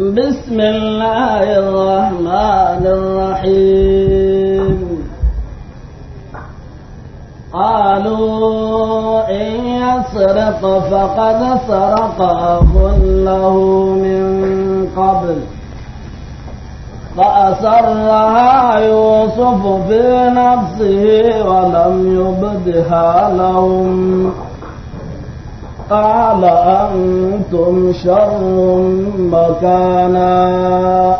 بسم الله الرحمن الرحيم قالوا إن يسرق فقد سرق له من قبل فأسرها يوسف في نفسه ولم يبدها لهم قال أنتم شر مكانا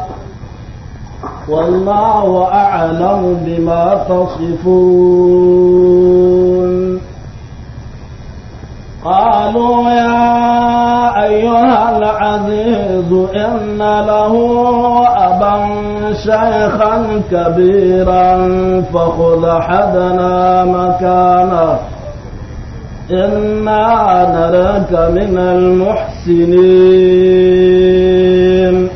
والله أعلم بما تصفون قالوا يا أيها العزيز إن له أبا شيخا كبيرا فخذ حدنا مكانه إنا نراك من المحسنين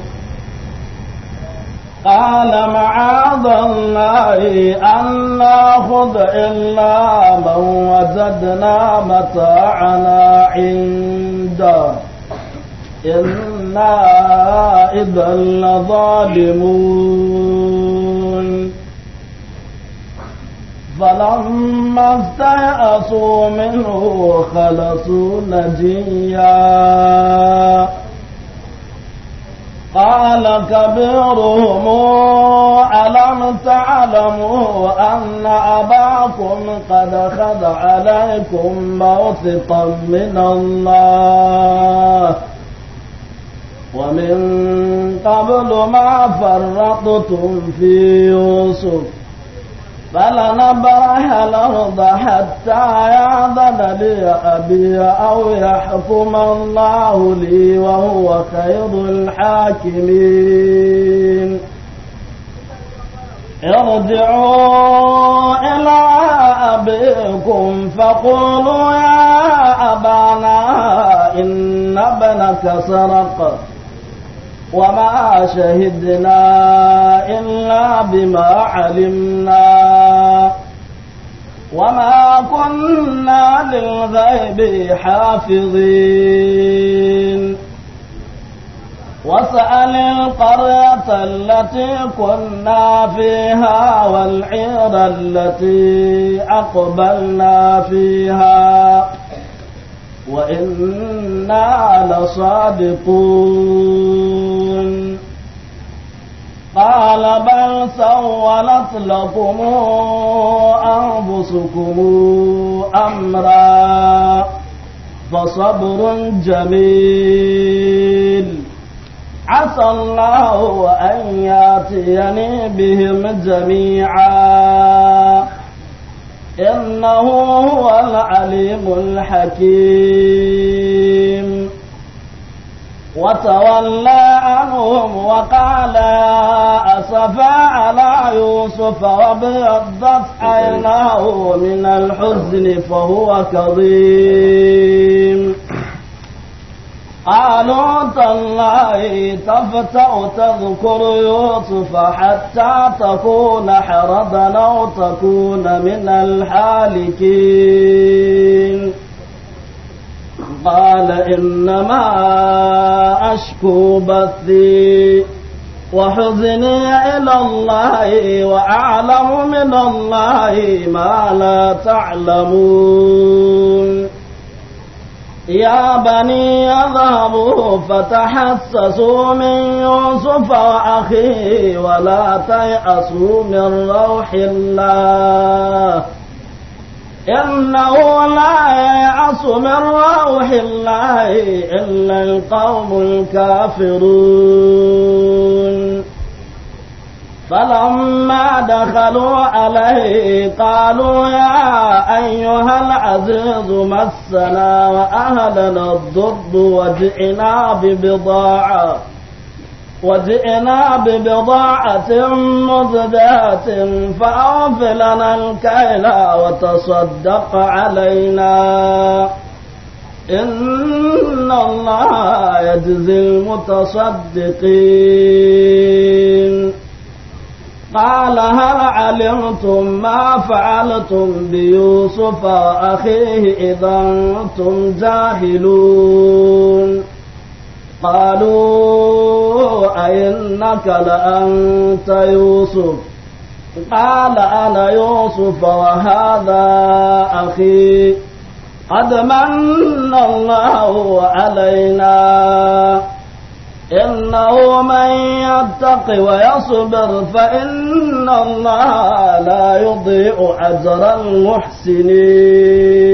قال معاذ الله أن نأخذ إلا من وجدنا متاعنا عنده إنا إذا لظالمون فلما استيأسوا منه خلصوا نجيا قال كبيرهم ألم تعلموا أن أباكم قد خذ عليكم موثقا من الله ومن قبل ما فرطتم في يوسف فلنبرح الأرض حتى يعذن لي أبي أو يحكم الله لي وهو خير الحاكمين ارجعوا إلى أبيكم فقولوا يا أبانا إن ابنك سرق وما شهدنا إلا بما علمنا وما كنا للغيب حافظين واسأل القرية التي كنا فيها والعير التي أقبلنا فيها وإنا لصادقون قال بل سولت لكم أنفسكم أمرا فصبر جميل عسى الله أن ياتيني بهم جميعا إنه هو العليم الحكيم وتولى عنهم وقال أسفا على يوسف وابيضت عيناه من الحزن فهو كظيم قالوا تالله تفتأ تذكر يوسف حتى تكون حرضا أو تكون من الحالكين قال إنما أشكو بثي وحزني إلى الله وأعلم من الله ما لا تعلمون يا بني اذهبوا فتحسسوا من يوسف وأخيه ولا تيأسوا من روح الله إنه لا يعص من روح الله إلا القوم الكافرون فلما دخلوا عليه قالوا يا أيها العزيز مسنا وأهلنا الضر وجئنا ببضاعة وجئنا ببضاعة مزدات فأوف لنا الكيل وتصدق علينا إن الله يجزي المتصدقين قال هل علمتم ما فعلتم بيوسف وأخيه إذا أنتم جاهلون قالوا أئنك لأنت يوسف قال أنا يوسف وهذا أخي قد من الله علينا إنه من يتق ويصبر فإن الله لا يضيء أجر المحسنين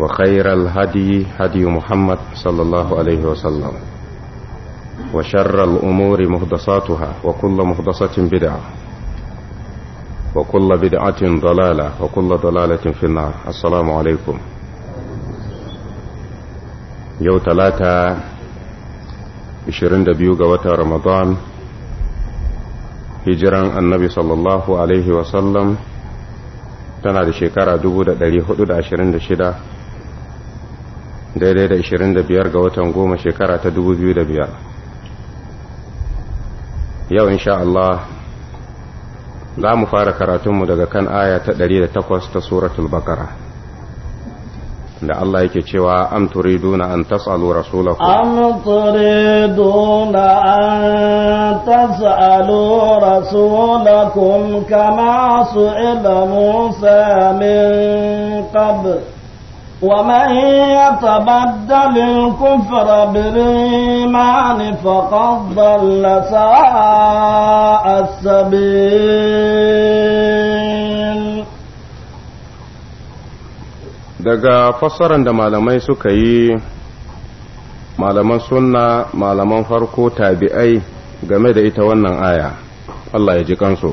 وخير الهدي هدي محمد صلى الله عليه وسلم وشر الأمور مهدساتها وكل مهدسة بدعة وكل بدعة ضلالة وكل ضلالة في النار السلام عليكم يوم ثلاثة 22 ga watan Ramadan hijiran annabi sallallahu alaihi wasallam tana da shekara 426 daidai da 25 ga watan goma shekara ta 2005 yau insha Allah za mu fara karatunmu daga kan aya ta 108 ta suratul bakara da Allah yake cewa am turiduna an tas'alu rasulakum am turiduna an tas'alu rasulakum kama su'ila Musa min qabl ومن يتبدل الكفر بالإيمان فقد ضل ساء السبيل daga fassarar da malamai suka yi malaman sunna malaman farko tabi'ai game da ita wannan aya Allah ya ji kansu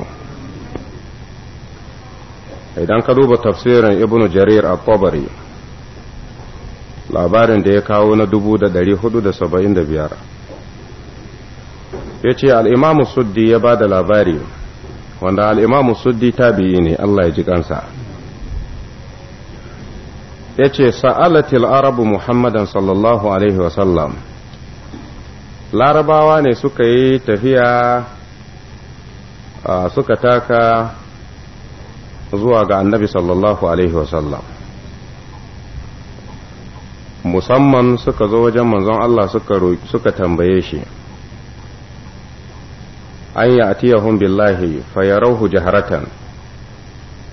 idan ka duba tafsirin ibnu jarir a tabari labarin da ya kawo na dubu da dari hudu da saba'in da biyar ya ce al'imamu suddi ya ba da labari wanda al'imamu suddi tabi'i ne Allah ya ji kansa ya ce sa'alatil arabu muhammadan sallallahu alaihi wasallam larabawa ne suka yi tafiya suka taka zuwa ga annabi sallallahu alaihi wasallam musamman suka zo wajen manzon Allah suka tambaye shi an yi atiyahun billahi fayarauhu jaharatan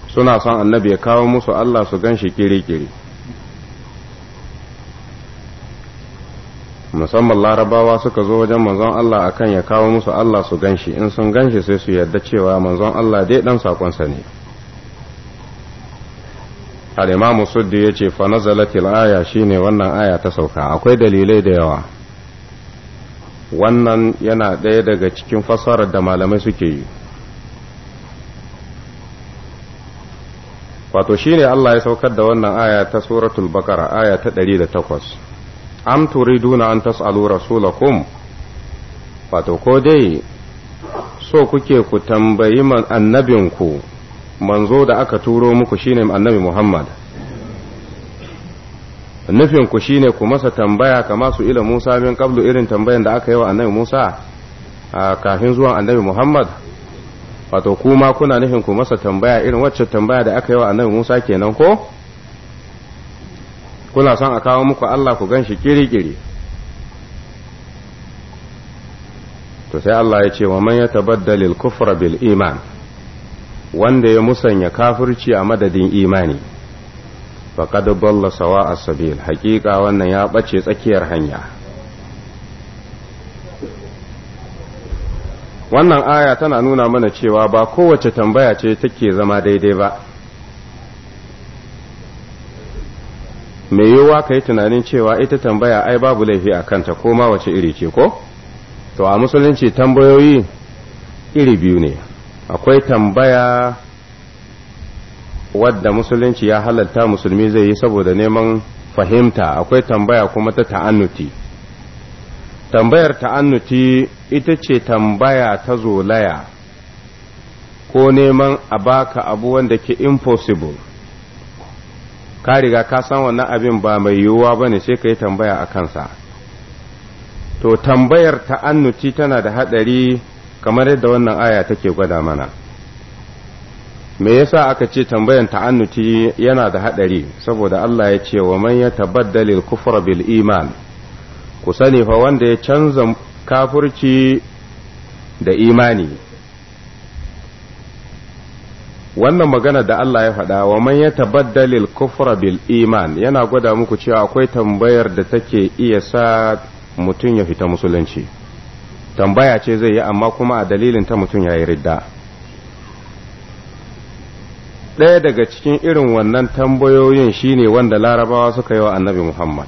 suna son annabi ya kawo musu Allah su ganshi shi kiri-kiri musamman larabawa suka zo wajen manzon Allah akan ya kawo musu Allah su ganshi, in sun ganshi sai su yarda cewa manzon Allah dai dan sakonsa ne al'imamu suddi ya ce fa nazalatil aya shine wannan aya ta sauka akwai dalilai da yawa wannan yana ɗaya daga cikin fasarar da malamai suke yi wato shine Allah ya saukar da wannan aya ta suratul bakara aya ta 108 am turiduna an tas'alu rasulakum wato ko dai so kuke ku tambayi annabinku manzo da aka turo muku shine annabi Muhammad nufin ku shine ku masa tambaya kama su ila Musa min qablu irin tambayan da aka yi wa annabi Musa kafin zuwan annabi Muhammad wato kuma kuna nufin ku masa tambaya irin wacce tambaya da aka yi wa annabi Musa kenan ko kuna son a kawo muku Allah ku gan shi kiri-kiri to sai Allah ya ce wa man ya tabaddalil kufra bil iman wanda ya musanya kafirci a madadin imani faqad dalla sawa a sabil haƙiƙa wannan ya ɓace tsakiyar hanya wannan aya tana nuna mana cewa ba kowace tambaya ce take zama daidai ba mai yiwuwa ka yi tunanin cewa ita tambaya ai babu laifi a kanta ko ma wace iri ce ko to a musulunci tambayoyi iri biyu ne akwai tambaya wadda musulunci ya halatta musulmi zai yi saboda neman fahimta akwai tambaya kuma ta ta'annuti tambayar ta'annuti ita ce tambaya ta zolaya ko neman a baka abu wanda ke impossible ka riga ka san wannan abin ba mai yiwuwa ba ne sai ka yi tambaya a kansa to tambayar ta'annuti tana da haɗari kamar yadda wannan aya take gwada mana me yasa aka ce tambayan ta'annuti yana da haɗari saboda Allah ya ce wa man yatabaddalil kufra bil iman ku sani fa wanda ya canza kafirci da imani wannan magana da Allah ya faɗa wa man yatabaddalil kufra bil iman yana gwada muku cewa akwai tambayar da take iya sa mutum ya fita musulunci tambaya ce zai yi amma kuma a dalilin ta mutum ya yi ridda ɗaya daga cikin irin wannan tambayoyin shine wanda larabawa suka yi wa annabi muhammad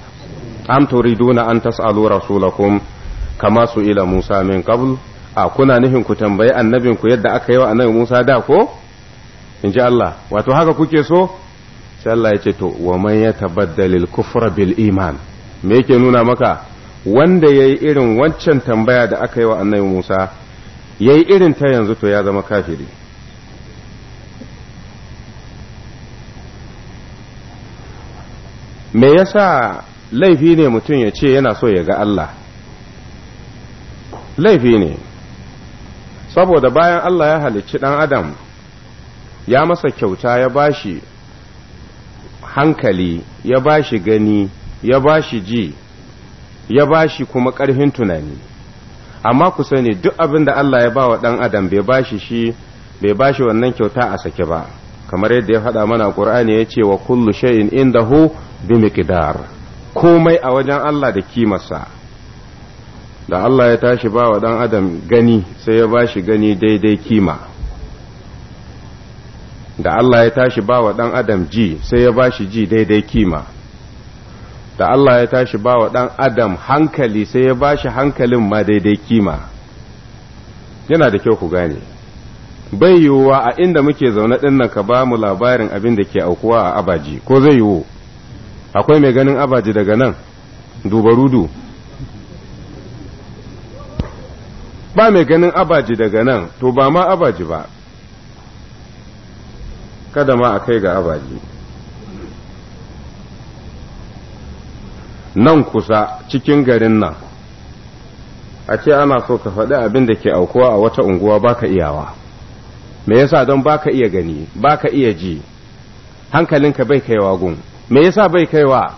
am turiduna an tas'alu rasulakum kama su ila musa min qabl a kuna nufin ku tambayi annabin ku yadda aka yi wa annabi musa da ko in ji allah wato haka kuke so sai allah ya ce to wa man yatabaddalil kufra bil iman me yake nuna maka wanda ya yi irin wancan tambaya da aka yi wa annabi Musa ya yi irin ta yanzu to ya zama kafiri me yasa laifi ne mutum ya ce yana so ya ga Allah laifi ne saboda bayan Allah ya halicci ɗan adam ya masa kyauta ya bashi hankali ya bashi gani ya bashi ji ya ba shi kuma ƙarfin tunani amma ku sani duk abin da Allah ya ba wa ɗan adam bai bashi shi bai bashi wannan kyauta a sake ba kamar yadda ya faɗa mana ƙur'ani ya ce wa kullu shay'in indahu bi miqdar komai a wajen Allah da kimarsa da Allah ya tashi ba wa ɗan adam gani sai ya ba shi gani daidai kima da Allah ya tashi ba wa ɗan adam ji sai ya ba shi ji daidai kima da Allah ya tashi ba wa ɗan adam hankali sai ya ba shi hankalin ma daidai kima yana da kyau ku gane bai yiwuwa a inda muke zaune ɗin ka ba mu labarin abin da ke aukuwa a abaji ko zai yiwu akwai mai ganin abaji daga nan dubarudu ba mai ganin abaji daga nan to ba ma abaji ba kada ma a kai ga abaji nan kusa cikin garin nan a ce ana so ka faɗi abin da ke aukuwa a wata unguwa baka iyawa me yasa don baka iya gani baka iya ji hankalinka bai kaiwa gun me yasa bai kaiwa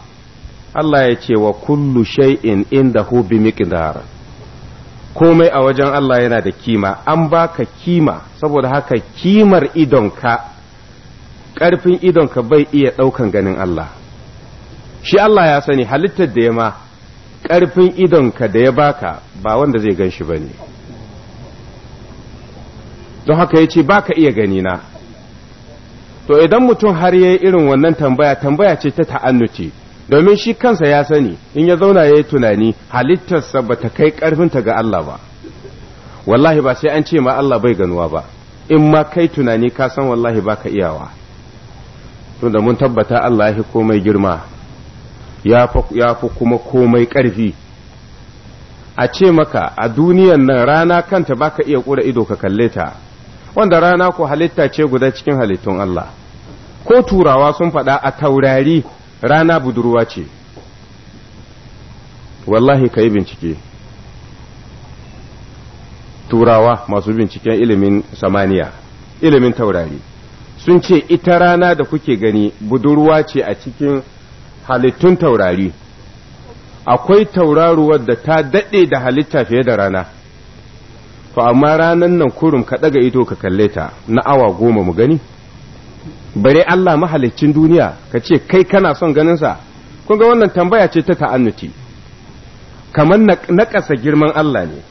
Allah ya ce wa kullu shay'in hu bi miqdar komai a wajen Allah yana da kima an baka kima saboda haka kimar idonka ƙarfin idonka bai iya ɗaukan ganin Allah shi Allah ya sani halittar da ya ma ƙarfin idonka da ya baka ba wanda zai gan shi ba ne don haka ya ce ba ka iya ganina to idan mutum har ya yi irin wannan tambaya tambaya ce ta ta'annuci domin shi kansa ya sani in ya zauna ya yi tunani halittarsa ba ta kai ƙarfinta ga Allah ba wallahi ba sai an ce ma Allah bai ganuwa ba in ma kai tunani ka san wallahi ba ka iyawa tunda mun tabbata Allah ya komai girma ya fi kuma komai ƙarfi a ce maka a duniyan nan rana kanta baka iya ƙura ido ka kalle ta wanda rana ko halitta ce guda cikin halittun Allah ko turawa sun faɗa a taurari rana budurwa ce wallahi ka yi bincike turawa masu binciken ilimin samaniya ilimin taurari sun ce ita rana da kuke gani budurwa ce a cikin halittun taurari akwai tauraruwar da ta daɗe da halitta fiye da rana to amma ranan nan kurum ka ɗaga ido ka kalle ta na awa goma mu gani bare Allah mahaliccin duniya ka ce kai kana son ganin sa kun ga wannan tambaya ce ta ta'annuti kamar naƙasa girman Allah ne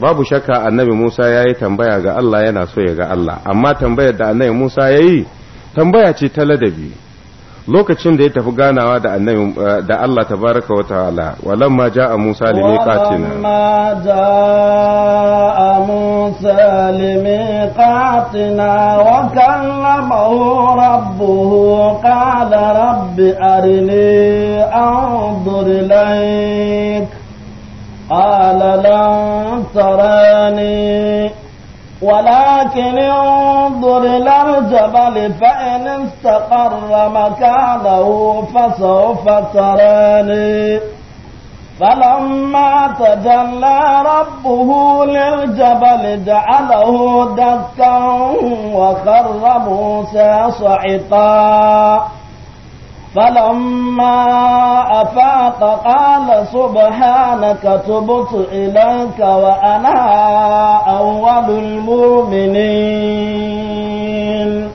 babu shakka annabi Musa ya yi tambaya ga Allah yana so ya ga Allah amma tambayar da annabi Musa ya yi tambaya ce ta ladabi lokacin da ya tafi ganawa da annabi eh, da Allah tabaraka wa ta'ala walamma ja'a Musa limiqatina walamma ja'a Musa miqatina wa kallamahu rabbuhu qala rabbi arini anzur ilayk قال lan tarani ولكن انظر إلى الجبل فإن استقر مكانه فسوف تراني فلما تجلى ربه للجبل جعله دكا وخر موسى صعقا فلما أفاق قال سبحانك تبت إليك وأنا أول المؤمنين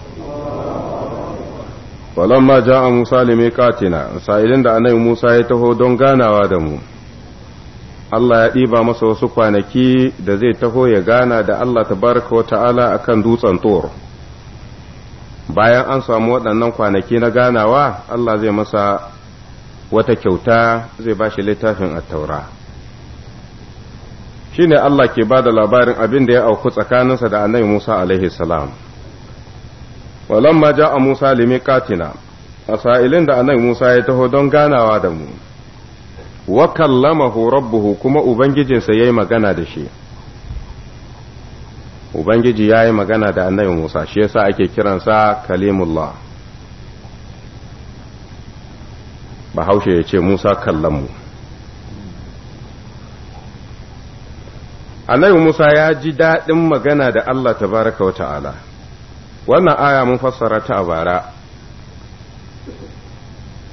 فلما جاء Musa limiqatina سائلين da annabi Musa ya taho don ganawa da mu Allah ya ɗiba masa wasu kwanaki da zai taho ya gana da Allah ta baraka wa ta'ala akan dutsen Tor bayan an samu waɗannan kwanaki na ganawa Allah zai masa wata kyauta zai ba shi littafin attaura shi ne Allah ke ba da labarin abin da ya auku tsakaninsa da annabi Musa alaihi salam ma ja'a Musa limi katina asailin da annabi Musa ya taho don ganawa da mu wa kallamahu rabbuhu kuma ubangijinsa yayi magana da shi ubangiji ya yi magana da annabi musa shi yasa ake kiransa kalimullah bahaushe ya ce musa kallonmu annabi musa ya ji daɗin magana da allah tabaraka wa ta'ala wannan aya mun fassara ta bara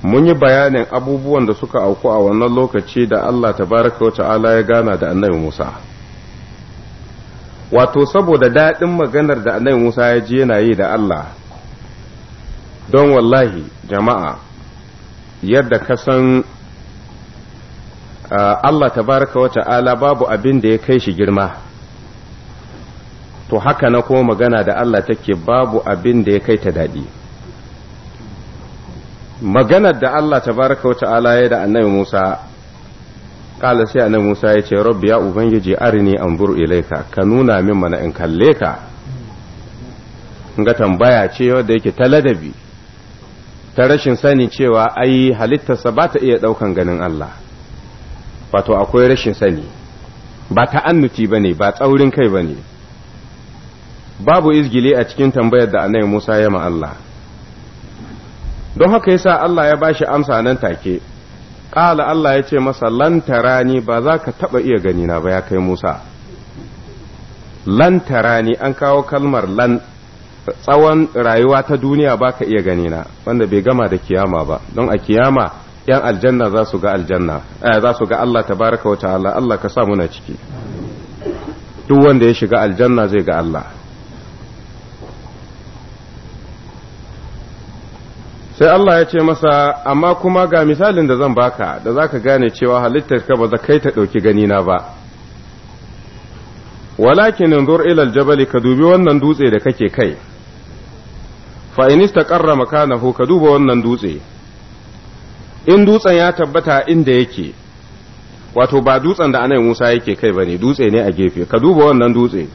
mun yi bayanin abubuwan da suka auku a wannan lokaci da allah tabaraka wa ta'ala ya gana da annabi musa wato saboda daɗin maganar da annabi Musa ya ji yana yi da Allah don wallahi jama'a yadda ka san Allah tabaraka wa ta'ala babu abin da ya kai shi girma to haka na kuma magana da Allah take babu abin da ya kai ta daɗi maganar da Allah tabaraka wa ta'ala ya da annabi Musa kala sai annabi Musa ya ce rabbi ya ubangiji arini anzur ilaika ka nuna min mana in kalle ka ga tambaya ce wanda yake ta ladabi ta rashin sani cewa ai halittarsa ba ta iya daukan ganin Allah wato akwai rashin sani ba annuti bane ba tsaurin kai bane babu izgili a cikin tambayar da annabi Musa ya ma Allah don haka yasa Allah ya bashi amsa nan take ƙala Allah ya ce masa lantarani ba za ka taɓa iya ganina ba ya kai Musa lantarani an kawo kalmar lan tsawon rayuwa ta duniya ba ka iya ganina wanda bai gama da kiyama ba don a kiyama yan aljanna za su ga aljanna eh, za su ga Allah ta wa ta'ala Allah ka sa muna ciki duk wanda ya shiga aljanna zai ga Allah sai Allah ya ce masa amma kuma ga misalin da zan baka da za ka gane cewa ka ba za kai ta ɗauki ganina ba walakin inzur ilal jabali ka dubi wannan dutse da kake kai Fa'inista ƙarra istaqarra makanahu ka duba wannan dutse in dutsen ya tabbata inda yake wato ba dutsen da anayin Musa yake kai ba ne dutse ne a gefe ka duba wannan dutse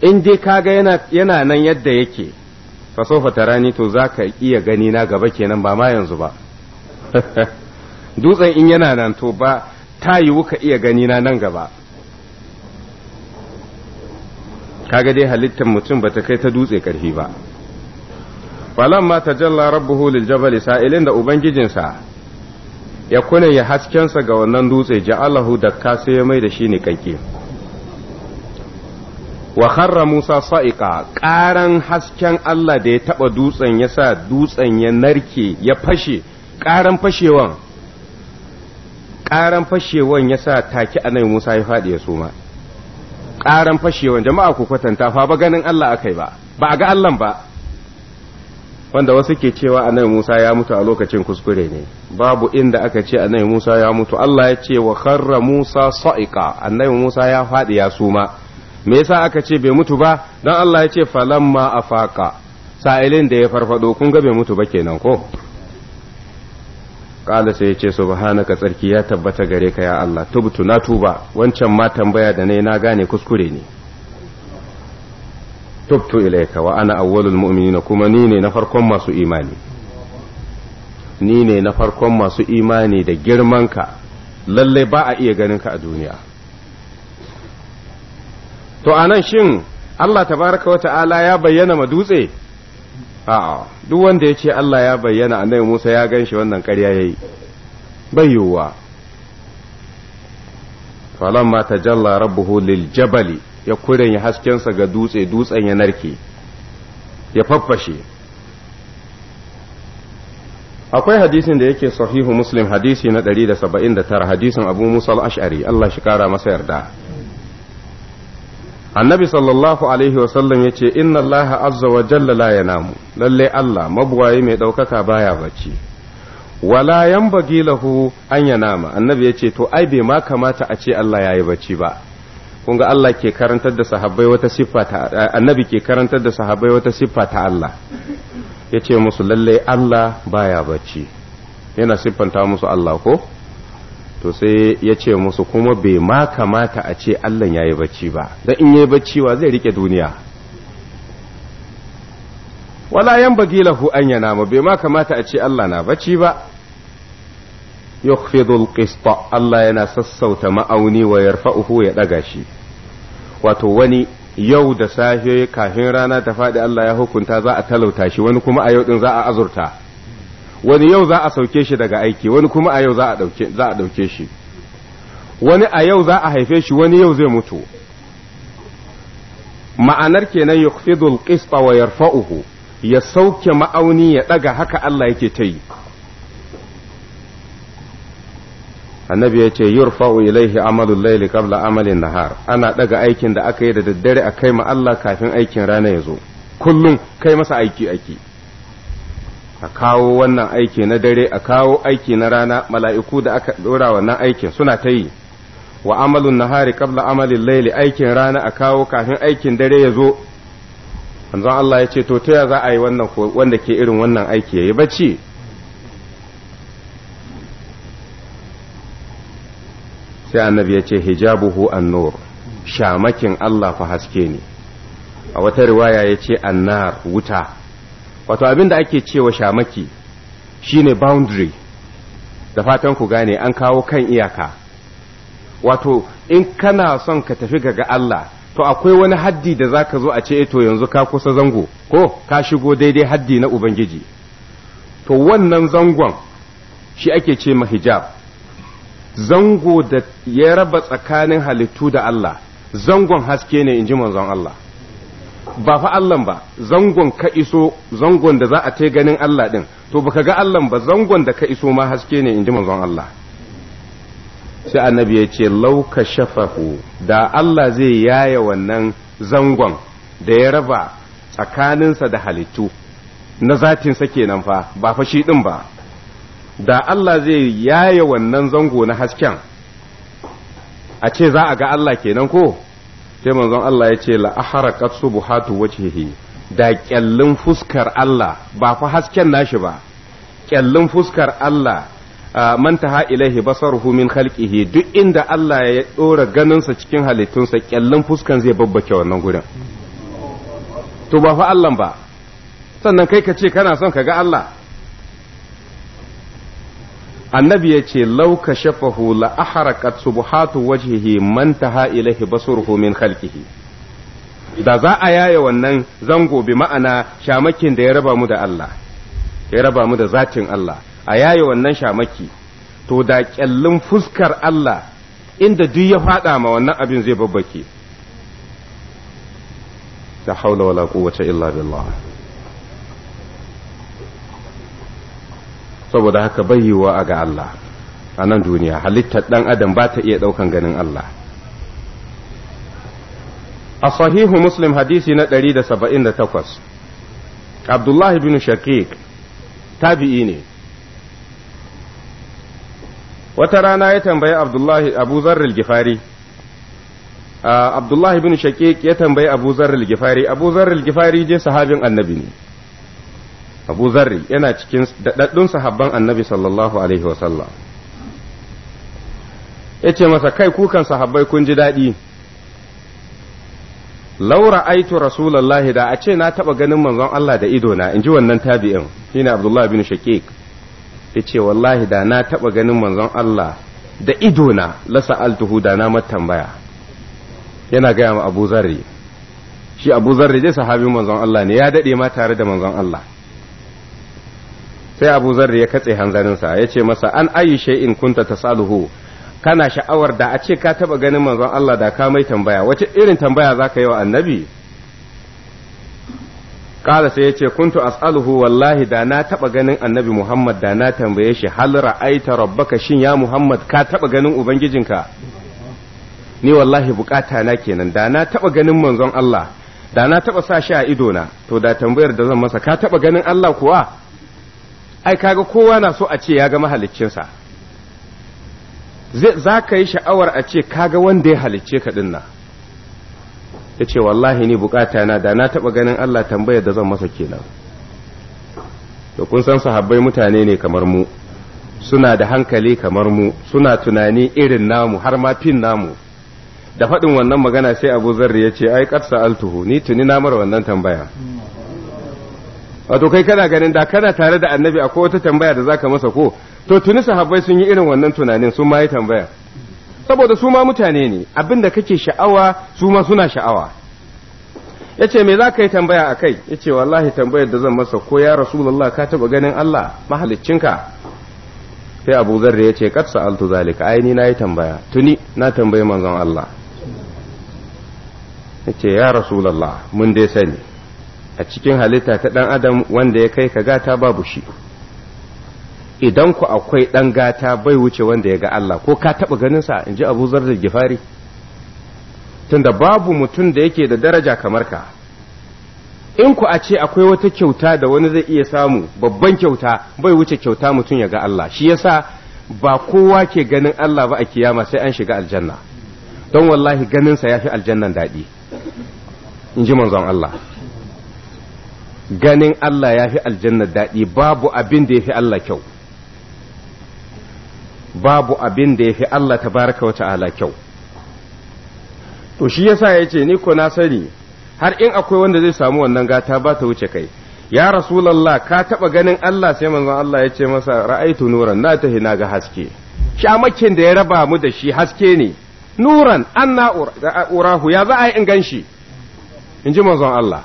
in dai ka ga yana nan yadda yake fasofa rani to za ka iya gani na gaba kenan ba ma yanzu ba dutsen in yana nan to ba ta yiwu ka iya gani na nan gaba kaga dai halittar mutum bata kai ta dutse karfi ba falamma tajalla rabbuhu lil jabal sa'ilin da ubangijinsa ya kuna ya haskensa ga wannan dutse ja'alahu dakka sai ya mai da shi ne wa kharra Musa sa'iqa ƙaran hasken Allah da ya taɓa dutsen ya sa dutsen ya narke ya fashe ƙaran fashewan ƙaran fashewan ya sa take anai Musa ya faɗi ya suma ƙaran fashewan jama'a ku kwatanta fa ba ganin Allah akai ba ba a ga Allah ba wanda wasu ke cewa anai Musa ya mutu a lokacin kuskure ne babu inda aka ce anai Musa ya mutu Allah ya ce wa kharra Musa sa'iqa anai Musa ya faɗi ya suma me yasa aka ce bai mutu ba Don Allah ya ce falamma afaqa sa'ilin da ya farfado kun ga bai mutu ba kenan ko kala sai ya ce subhanaka tsarki ya tabbata gare ka ya Allah tubtu na tuba wancan ma tambaya da nayi na gane kuskure ne tubtu ilaika wa ana awwalul mu'minina kuma ni ne na farkon masu imani ni ne na farkon masu imani da girman ka lalle ba a iya ganin ka a duniya to anan shin Allah ta baraka wata ala ya bayyana ma dutse a'a duk wanda ya ce Allah ya bayyana annabi Musa ya gan shi wannan ƙarya yayi bai yiwuwa falamma jalla rabbuhu lil jabali ya ya haskensa ga dutse dutsen ya narke ya faffashe akwai hadisin da yake sahihu muslim hadisi na 179 hadisin abu musa al-ash'ari Allah shi kara masa yarda annabi sallallahu alaihi wasallam ya ce inna allaha azza wa jalla la yanamu lalle allah mabuwaye mai ɗaukaka baya bacci wala bagi lahu an yanama annabi ya ce to ai bai ma kamata a ce allah yayi bacci ba kun ga allah ke karantar da sahabbai wata siffa ta annabi ke karantar da sahabbai wata siffa ta allah ya ce musu lalle allah baya bacci yana siffanta musu allah ko to sai ya ce musu kuma bai ma kamata a ce Allah ya yi bacci ba don in ya yi bacci wa zai rike duniya wala yan bagi lahu an yana ma bai ma kamata a ce Allah na bacci ba yukhfidul qista Allah yana sassauta ma'auni wa yarfa'uhu ya daga shi wato wani yau da safe kafin rana ta faɗi Allah ya hukunta za a talauta shi wani kuma a yau ɗin za a azurta wani yau za a sauke shi daga aiki wani kuma a yau za a ɗauke shi wani a yau za a haife shi wani yau zai mutu ma'anar kenan yukhfidul qisqa wa yarfa'uhu ya sauke ma'auni ya ɗaga haka Allah yake ta yi annabi ya ce yurfa'u ilaihi amalu laili qabla amalin nahar ana ɗaga aikin da aka yi da daddare a kai ma Allah kafin aikin rana ya zo kullum kai masa aiki aiki a kawo wannan aiki na dare a kawo aiki na rana mala'iku da aka ɗora wannan aikin suna ta yi wa amalun nahari kabla amalin laili aikin rana a kawo kafin aikin dare ya zo manzon Allah ya ce to ta za a yi wannan wanda ke irin wannan aiki ya yi bacci sai annabi ya ce hijabuhu an shamakin Allah fa haske ne a wata riwaya ya ce annar wuta wato abin da ake cewa shamaki shine boundary da fatan ku gane an kawo kan iyaka wato in kana son ka tafi ga Allah to akwai wani haddi da zaka zo a ce eh, to yanzu ka kusa zango ko ka shigo daidai haddi na ubangiji to wannan zangon shi ake ce ma hijab zango da ya raba tsakanin halittu da Allah zangon haske ne in ji manzon Allah ba fa Allah ba zangon ka iso zangon da za a ta'i ganin Allah din to baka ga Allah ba zangon da ka iso ma haske ne inji manzon Allah sai annabi ya ce lauka shafahu da Allah zai yaya wannan zangon da ya raba tsakaninsa da halittu na zatin zatinsa kenan fa ba fa shi din ba da Allah zai yaya wannan zango na hasken a ce za a ga Allah kenan ko sai manzon Allah ya ce la aharaqat subuhatu wajhihi da kyallin fuskar Allah ba fa hasken nashi ba kyallin fuskar Allah mantaha ilaihi basaruhu min khalqihi duk inda Allah ya dora ganinsa cikin halittunsa kyallin fuskan zai babbake wannan gurin to ba fa Allah ba sannan kai ka ce kana son ka ga Allah annabi ya ce lauka shafahu la aharakat subuhatu wajhihi man taha ilaihi basuruhu min khalqihi da za a yaya wannan zango bi ma'ana shamakin da ya raba mu da Allah ya raba mu da zatin Allah a yaya wannan shamaki to da kyallin fuskar Allah inda duk ya fada ma wannan abin zai babbake la haula wala quwwata illa billah saboda haka bayyewa ga Allah a nan duniya halittar ɗan adam ba ta iya ɗaukan ganin Allah a sahihu muslim hadisi na 178 abdullahi bin shakik tabi'i ne wata rana ya tambayi abdullahi abu zarril gifari abdullahi bin shakik ya tambayi abu zarril gifari abu zarril gifari je sahabin annabi ne abu zarri yana cikin daɗaɗɗun sahabban annabi sallallahu alaihi wasallam ya ce masa kai kukan sahabbai kun ji daɗi laura aitu rasulallahi da a ce na taɓa ganin manzon Allah da idona in ji wannan tabi'in shine abdullah bin shakik ya ce wallahi da na taɓa ganin manzon Allah da idona la sa'altuhu da na tambaya yana gaya ma abu zarri shi abu zarri dai sahabin manzon Allah ne ya daɗe ma tare da manzon Allah sai abu zar ya katse hanzarinsa ya ce masa an ayi shay'in kunta tasaluhu kana sha'awar da a ce ka taba ganin manzon Allah da ka mai tambaya wace irin tambaya zaka yi wa annabi kala sai ya ce kuntu as'aluhu wallahi da na taba ganin annabi Muhammad da na tambaye shi hal ra'aita rabbaka shin ya Muhammad ka taba ganin ubangijinka ni wallahi bukata na kenan da na taba ganin manzon Allah da na taba sa shi a ido na to da tambayar da zan masa ka taba ganin Allah kuwa ai kaga kowa na so a ce ya ga mahaliccinsa za ka yi sha'awar a ce kaga wanda ya halicce ka din ya ce wallahi ni bukata na da na taɓa ganin Allah tambayar da zan masa kenan to kun san sahabbai mutane ne kamar mu suna da hankali kamar mu suna tunani irin namu har ma fin namu da faɗin wannan magana sai abu zarri ya ce ai al sa'altuhu ni tuni na mara wannan tambaya wato kai kana ganin da kana tare da annabi akwai wata tambaya da zaka masa ko to tuni sahabbai sun yi irin wannan tunanin sun ma yi tambaya saboda su ma mutane ne abin da kake sha'awa su ma suna sha'awa yace me zaka yi tambaya akai yace wallahi tambayar da zan masa ko ya rasulullah ka taba ganin Allah mahaliccinka sai Abu Zarra yace kat sa'altu zalika ai ni nayi tambaya tuni na tambaye manzon Allah yace ya rasulullah mun dai sani a cikin halitta ta ɗan adam wanda ya kai ka gata babu shi idan ku akwai ɗan gata bai wuce wanda ya ga Allah ko ka taɓa ganinsa in ji abu da gifari tunda babu mutum da yake da daraja kamar ka in ku a ce akwai wata kyauta da wani zai iya samu babban kyauta bai wuce kyauta mutum ya ga Allah shi yasa ba kowa ke ganin Allah ba a kiyama sai an shiga aljanna don wallahi ganinsa ya fi aljannan daɗi in ji manzon Allah ganin Allah ya fi aljanna daɗi babu abin da ya fi Allah kyau babu abin da ya fi Allah tabaraka wa ta'ala kyau to shi yasa ya ce ni ko na sani har in akwai wanda zai samu wannan gata ba ta wuce kai ya rasulallah ka taɓa ganin Allah sai manzon Allah ya ce masa ra'aitu nuran na tahi na ga haske shamakin da ya raba mu da shi haske ne nuran anna urahu ya za a yi in ganshi in ji manzon Allah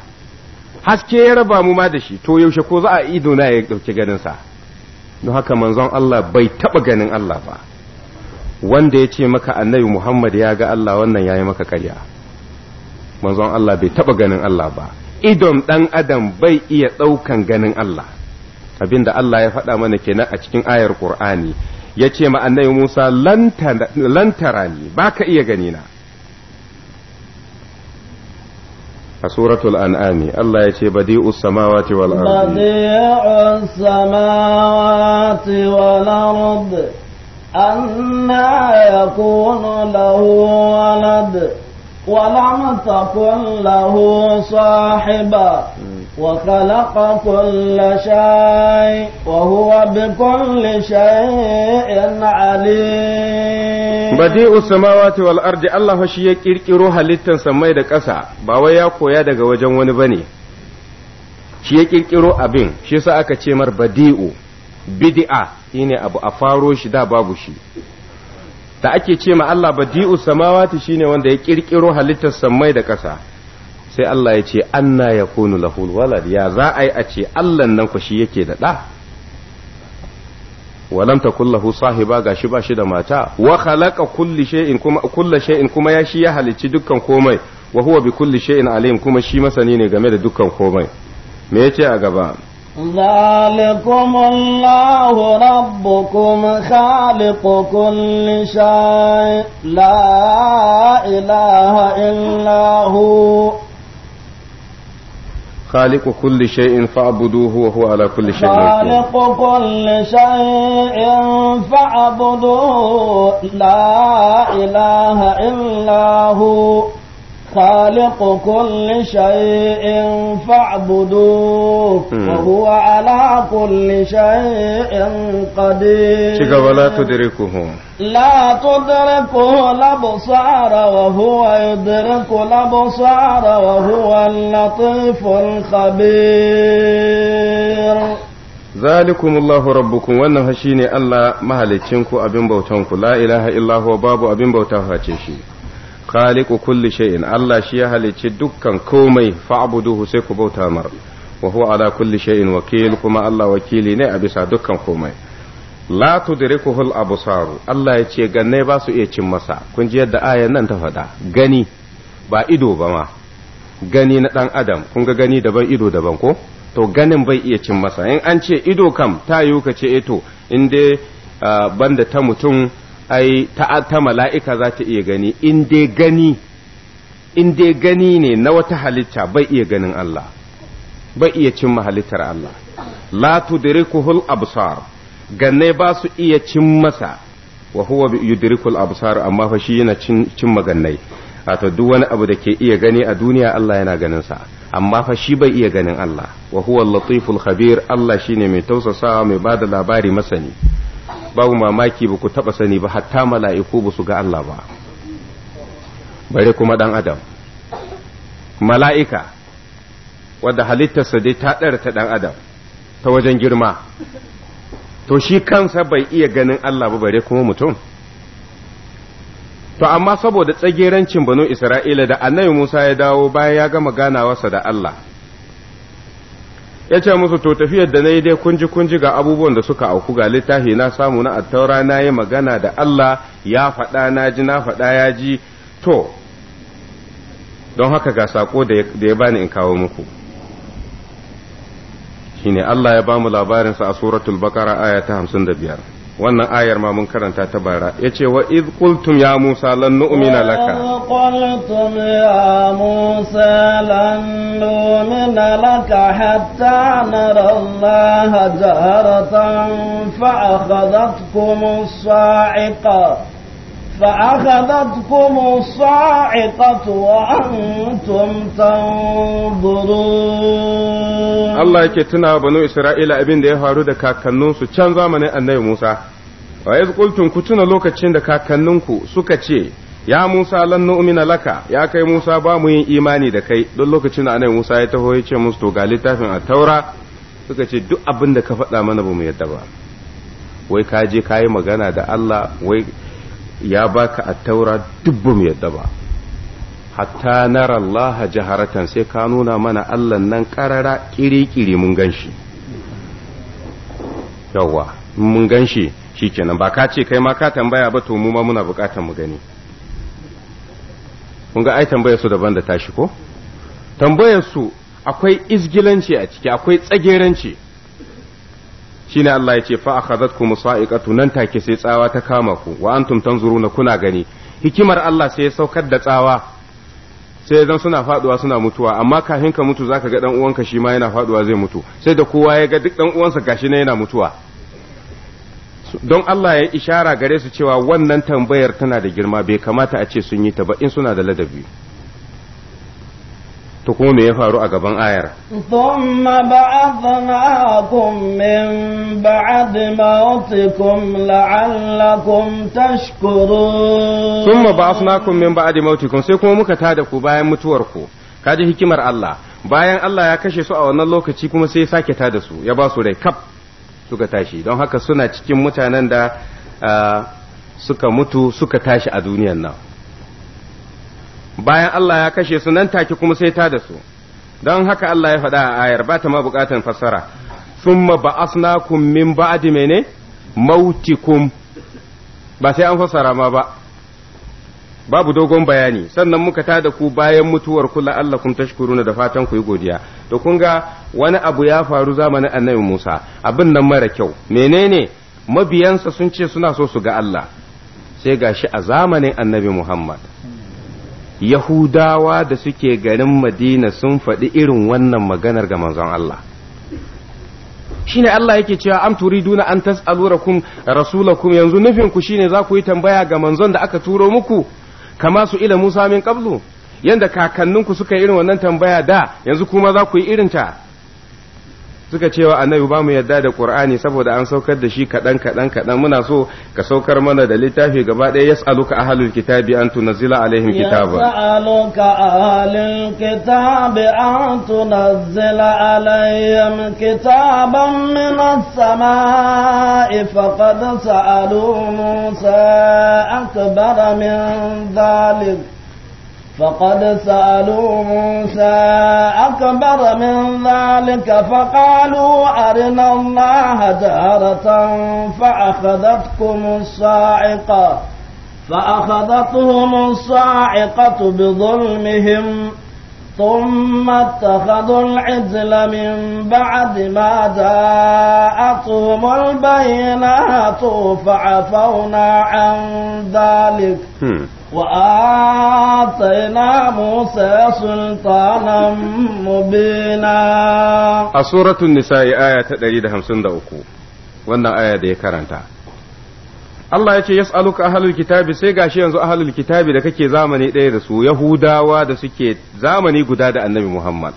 haske ya raba mu ma da shi to yaushe ko za a ido na ya dauki ganin sa don haka manzon Allah bai taba ganin Allah ba wanda ya ce maka annabi Muhammad ya ga Allah wannan yayi maka karya manzon Allah bai taba ganin Allah ba idon dan adam bai iya daukan ganin Allah abinda Allah ya faɗa mana kenan a cikin ayar Qur'ani ya ce ma annabi Musa lantarani ba ka iya ganina a suratul an'ami Allah ya ce badi'us samawati wal ardi badi'us samawati wal ardi anna yakunu lahu walad ولم تكن له صاحبة وخلق كل شيء وهو بكل شيء عليم badi'u samawati wal ardi Allah fa shi ya kirkiro halittan samai da ƙasa ba wai ya koya daga wajen wani bane shi ya kirkiro abin shi yasa aka ce mar badi'u bid'a shine abu a faro shi da babu shi da ake ce ma Allah badi'u samawati shine wanda ya kirkiro halittar samai da ƙasa sai Allah ya ce anna yakunu lahul walad ya za a yi a ce Allah nan ku shi yake da da walam takul lahu sahiba gashi ba shi da mata wa khalaqa kulli shay'in kuma shay'in kuma ya shi ya halici dukkan komai wa huwa bi kulli shay'in alim kuma shi masani ne game da dukkan komai me yace a gaba ذلكم الله ربكم خالق كل شيء لا إله إلا خالق كل شيء فاعبدوه وهو على كل شيء خالق كل شيء فاعبدوه لا إله إلا هو خالق كل شيء فاعبدوه وهو على كل شيء قدير ولا تدركه لا تدركه الابصار وهو يدرك الابصار وهو اللطيف الخبير ذلكم الله ربكم وانا هشيني الله mahalicinku ابن bautanku لا اله الا هو بابو ابن bauta khaliqu kulli shay'in Allah shi ya halicci dukkan komai fa'buduhu sai ku bauta mar wa huwa ala kulli shay'in wakil kuma Allah wakili ne a bisa dukkan komai la tudrikuhu al-absar Allah ya ce ganne ba su iya cin masa kun ji yadda ayan nan ta faɗa gani ba ido ba ma gani na dan adam kun ga gani daban ido daban ko to ganin bai iya cin masa in an ce ido kam ta yi ka ce eto eh in dai ah, banda ta mutum ai ta mala'ika za ta iya gani in dai gani in dai gani ne na wata halitta bai iya ganin Allah bai iya cimma halittar Allah la tudrikuhul absar ganne ba su iya cin masa wa huwa yudrikul absar amma fa shi yana cin magannai wato duk wani abu da ke iya gani a duniya Allah yana ganin sa amma fa shi bai iya ganin Allah wa huwa latiful khabir Allah shine mai tausasawa mai bada labari masani babu mamaki ba ku taɓa sani ba hatta mala'iku ba su ga Allah ba bare kuma ɗan adam mala'ika wadda halittarsa dai ta ɗara ta ɗan adam ta wajen girma to shi kansa bai iya ganin Allah ba bare kuma mutum to amma saboda tsagerancin banu Isra'ila da annabi Musa ya dawo bayan ya gama ganawarsa da Allah ya ce musu to tafiyar da na yi dai kunji kunji ga abubuwan da suka auku ga littafi na samu na attaura na yi magana da Allah ya faɗa na ji na faɗa ya ji to don haka ga sako da ya bani in kawo muku shine Allah ya ba bamu labarinsa a suratul bakara aya ta 55 wannan ayar ma mun karanta ta bara ya ce wa iz qultum ya musa lan nu'mina laka wa qultum ya musa lan nu'mina laka hatta nara allaha jaharatan fa akhadhatkum as-sa'iqa فأخذتكم الصاعقة وأنتم تنظرون الله yake tuna banu Isra'ila abin da ya faru da kakanninsu can zamanin annabi Musa wa iz ku tuna lokacin da kakanninku suka ce ya Musa lan nu'mina laka ya kai Musa ba mu yin imani da kai don lokacin da annabi Musa ya taho ya musu to ga littafin at-taura suka ce duk abin da ka faɗa mana ba mu yadda ba wai ka je ka yi magana da Allah wai ya baka attaura dubbu mu yadda ba hatta nara Allah jaharatan sai ka nuna mana Allah nan karara kiri-kiri mun ganshi yawa mun ganshi shikenan ba ka ce kai ma ka tambaya ba to mu ma muna bukatar mu gani kun ga ai tambayar su daban da tashi ko tambayar su akwai izgilanci a ciki akwai tsageranci shine Allah ya ce fa akhadhatkum sa'iqatu nan take sai tsawa ta kama ku wa antum tanzuruna kuna gani hikimar Allah sai ya saukar da tsawa sai zan suna faduwa suna mutuwa amma kafin ka mutu zaka ga dan uwanka shi ma yana faduwa zai mutu sai da kowa ya ga duk dan uwansa gashi ne yana mutuwa don Allah ya ishara gare su cewa wannan tambayar tana da girma bai kamata a ce sun yi ta ba in suna da ladabi to kuma me ya faru a gaban ayar thumma ba'athnakum min ba'd mautikum la'allakum tashkurun thumma ba'athnakum min ba'd mautikum sai kuma muka tada ku bayan mutuwar ku kaji hikimar Allah bayan Allah ya kashe su a wannan lokaci kuma sai ya sake tada su ya ba su rai kaf suka tashi don haka suna cikin mutanen da ah, suka mutu suka tashi a duniyar nan bayan Allah ya kashe su nan take kuma sai ta da su don haka Allah ya faɗa a ayar ba ta ma bukatan fassara summa ba'asnakum min ba'di mene mautikum ba sai an fassara ma ba babu dogon bayani sannan muka ta da ku bayan mutuwar kula Allah kun tashkuruna da fatan ku yi godiya da kun ga wani abu ya faru zamanin annabi Musa abin nan mara kyau menene mabiyansa sun ce suna so su ga Allah sai gashi a zamanin annabi Muhammad yahudawa da suke garin madina sun faɗi irin wannan maganar ga manzon Allah shine Allah yake cewa am turiduna an tas'alurakum rasulakum yanzu nufin ku shine za ku yi tambaya ga manzon da aka turo muku kama su ila Musa min qablu yanda kakanninku suka yi irin wannan tambaya da yanzu kuma za ku yi irinta suka cewa annabi ba mu yarda da qur'ani saboda an saukar da shi kadan kadan kadan muna so ka saukar mana da littafi gaba ɗaya yas'aluka ahlul kitabi an tunzila alaihim kitaba yas'aluka ahlul kitabi an tunzila alaihim kitaban min as-sama'i faqad sa'alu musa akbara min dhalik فقد سألوا موسى أكبر من ذلك فقالوا أرنا الله جهرة فأخذتكم الصاعقة فأخذتهم الصاعقة بظلمهم ثم اتخذوا العزل من بعد ما جاءتهم البينات فعفونا عن ذلك وآتينا موسى سلطانا مبينا a suratun آية تدريد ta 153 wannan aya da ya karanta Allah ya ce yas'aluka ahlul kitabi sai gashi yanzu ahlul kitabi da kake zamani ɗaya da su yahudawa da suke zamani guda da annabi Muhammad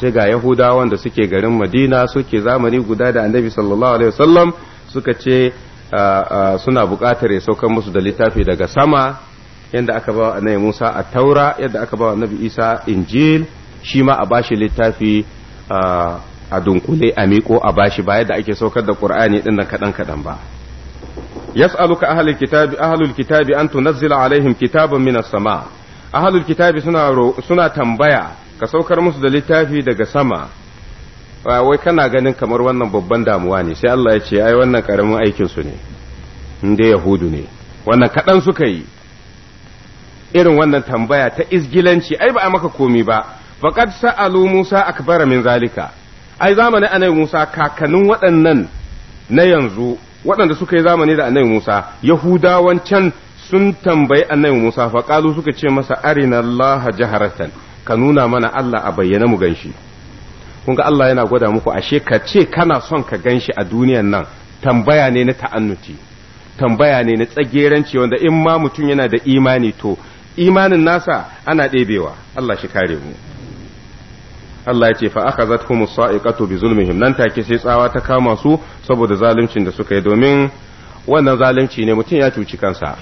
sai ga yahudawan da suke garin Madina suke zamani guda da annabi sallallahu alaihi wasallam suka ce suna buƙatar ya saukar musu da littafi daga sama yadda aka ba annabi Musa a taura yadda aka ba annabi Isa injil shi ma a bashi littafi a dunkule a miƙo a bashi ba yadda ake saukar da Qur'ani din nan kaɗan kaɗan ba yas'aluka ahlul kitabi ahlul kitabi an tunazzila alaihim kitaban minas sama ahlul kitabi suna suna tambaya ka saukar musu da littafi daga sama wai kana ganin kamar wannan babban damuwa ne sai Allah ya ce ai wannan karamin aikin su ne inda yahudu ne wannan kaɗan suka yi irin wannan tambaya ta izgilanci ai ba a maka komi ba faqad sa'alu Musa akbara min zalika ai zamanin annabi Musa kakannin waɗannan na yanzu waɗanda suka yi zamani da annabi Musa Yahudawan can sun tambayi annabi Musa faqalu suka ce masa arina Allah jaharatan ka nuna mana Allah a bayyana mu ganshi kun ga Allah yana gwada muku ashe ka ce kana son ka gan shi a duniyan nan tambaya ne na ta'annuti tambaya ne na tsageranci wanda in ma mutum yana da imani to imanin nasa ana ɗebewa Allah shi kare mu Allah ya ce fa aka zat humu sa'iqatu bi zulmihim nan take sai tsawa ta kama su saboda zaluncin da suka yi domin wannan zalunci ne mutum ya cuci kansa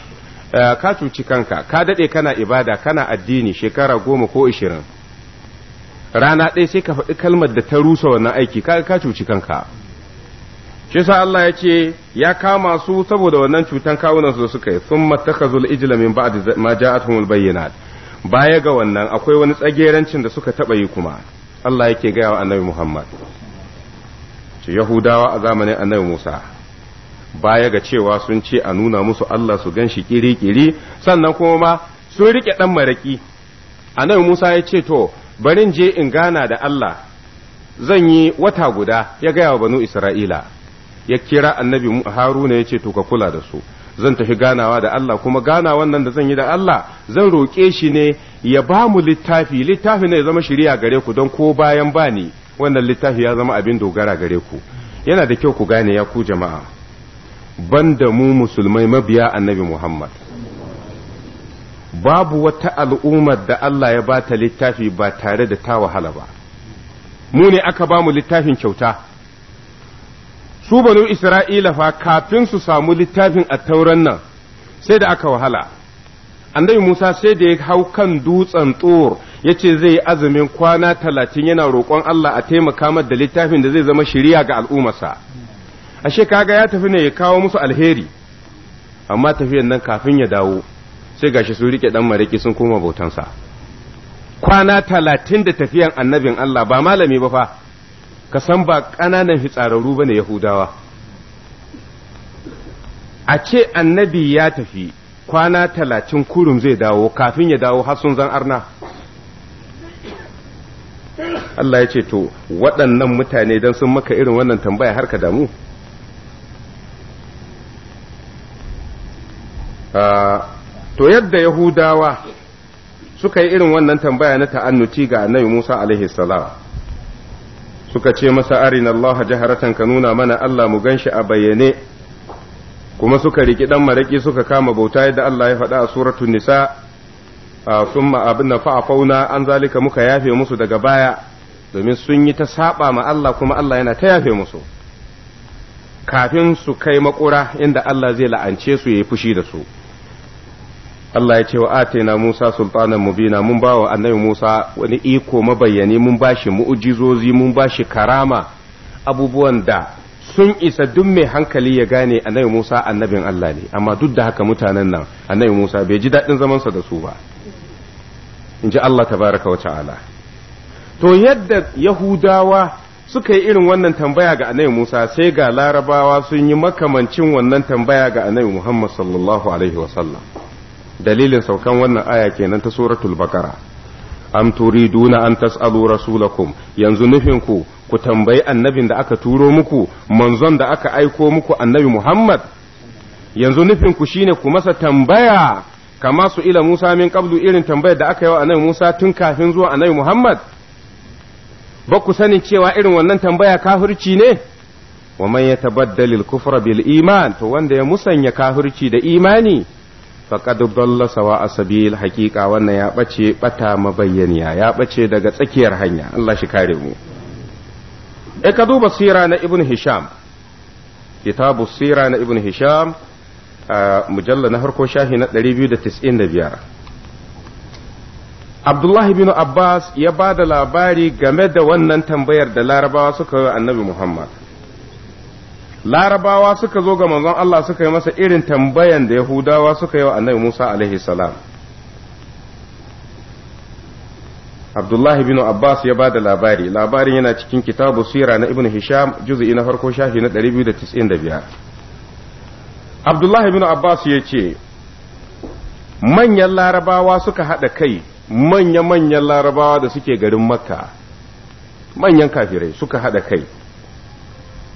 eh, ka cuci kanka ka daɗe kana ibada kana addini shekara goma ko ishirin rana ɗaya sai ka faɗi kalmar da ta rusa wannan aiki kaga ka cuci kanka shi sa Allah ya ce ya kama su saboda wannan cutan kawunan su suka yi sun matakazul ijila min ba'd ma ja'atuhumul bayyinat baya ga wannan akwai wani tsagerancin da suka taɓa yi kuma Allah yake gaya wa annabi Muhammad ce Yahudawa a zamanin annabi Musa baya ga cewa sun ce a nuna musu Allah su gan shi kiri-kiri sannan kuma ma sun riƙe ɗan maraƙi annabi Musa ya ce to barin je in gana da Allah zan yi wata guda ya gaya wa banu Isra'ila ya kira annabi Haruna ya ce to ka kula da su zan tafi ganawa da Allah kuma ganawan nan da zan yi da Allah zan roƙe shi ne ya ba mu littafi littafi ne ya zama shiriya gare ku don ko bayan ba bani wannan littafi ya zama abin dogara gare ku yana da kyau ku gane ya ku jama'a banda mu musulmai mabiya annabi Muhammad babu wata al'ummar da Allah ya bata littafi ba tare da ta wahala ba mu ne aka bamu littafin kyauta su banu isra'ila fa kafin su samu littafin a tauran nan sai da aka wahala annabi musa sai da ya hau kan dutsen tsor ya ce zai yi azumin kwana talatin yana roƙon allah a taimaka da littafin da zai zama shiriya ga al'ummarsa ashe kaga ya tafi ne ya kawo musu alheri amma tafiyan nan kafin ya dawo sai gashi sun rike dan mariki sun koma bautansa kwana talatin da tafiyan annabin Allah ba malami ba fa ka san ba ƙananan fitsararru ba ne yahudawa a ce annabi ya tafi kwana talatin kurum zai dawo kafin ya dawo har sun zan arna Allah ya ce to waɗannan mutane don sun maka irin wannan tambaya har ka damu ah, to yadda yahudawa suka yi irin wannan tambaya na ta'annuci ga annabi Musa alaihi salam suka ce masa arina Allah jaharatan ka nuna mana Allah mu ganshi a bayyane kuma suka riki dan maraki suka kama bauta yadda Allah ya faɗa a suratu nisa summa abinna fa'afauna an zalika muka yafe musu daga baya domin sun yi ta saba ma Allah kuma Allah yana ta yafe musu kafin su kai makura inda Allah zai la'ance su yayi fushi da su Allah ya ce wa atayna Musa sultanan mubina mun bawa annabi Musa wani iko mabayyani mun bashi mu'ujizozi mun bashi karama abubuwan da sun isa duk mai hankali ya gane annabi Musa annabin Allah ne amma duk da haka mutanen nan annabi Musa bai ji daɗin zamansa da su ba in ji Allah tabaraka wa ta'ala to yadda Yahudawa suka yi irin wannan tambaya ga annabi Musa sai ga Larabawa sun yi makamancin wannan tambaya ga annabi Muhammad sallallahu alaihi wa sallam dalilin saukan wannan aya kenan ta suratul bakara am turiduna an tas'alu rasulakum yanzu nufin ku ku tambayi annabin da aka turo muku manzon da aka aiko muku annabi Muhammad yanzu nufin ku shine ku masa tambaya kama su ila Musa min qablu irin tambayar da aka yi wa annabi Musa tun kafin zuwa annabi Muhammad ba ku sanin cewa irin wannan tambaya kafirci ne wa man yatabaddalil kufra bil iman to wanda ya musanya kafirci da imani Faƙadu dalla sawa asabil haqiqa wannan ya bace bata mabayyaniya ya bace daga tsakiyar hanya Allah shi kare mu e ka duba sira na ibn hisham kitabu sira na ibn hisham mujalla na harko shahi na 295 Abdullahi bin Abbas ya ba da labari game da wannan tambayar da larabawa suka yi annabi Muhammad. larabawa suka zo ga manzon Allah suka yi masa irin tambayan da yahudawa suka yi wa annabi Musa alaihi salam Abdullahi bin Abbas ya ba da labari labarin yana cikin kitabu sira na Ibn Hisham juz'i na farko shafi na 295 Abdullahi bin Abbas ya ce manyan larabawa suka haɗa kai manya-manyan larabawa da suke garin makka manyan kafirai suka haɗa kai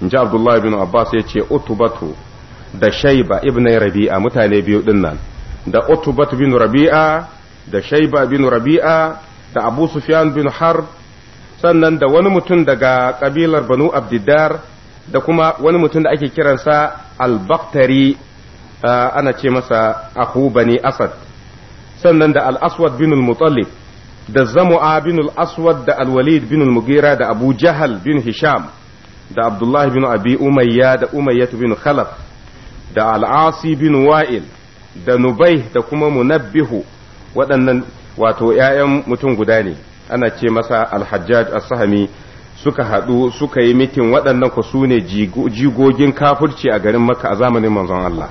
in ji abdullahi bin abbas ya ce utubatu da shaiba ibn rabi'a mutane biyu din nan da utubatu bin rabi'a da shaiba bin rabi'a da abu sufyan bin Har sannan da wani mutum daga kabilar banu abdiddar da kuma wani mutum da ake kiransa al-baktari ah, ana ce masa ahu bani asad sannan da al-aswad bin al-mutallib da zamu'a bin al-aswad da al-walid bin mugira da abu jahal bin hisham da abdullahi bin abi umayya da umayyatu bin khalaf da al'asi bin wa'il da nubai da kuma munabbihu waɗannan wato ‘ya'yan mutum guda ne ana ce masa alhajjaj as-sahami suka haɗu suka yi mitin waɗannan ku su ne jigogin kafurci a garin maka a zamanin manzon Allah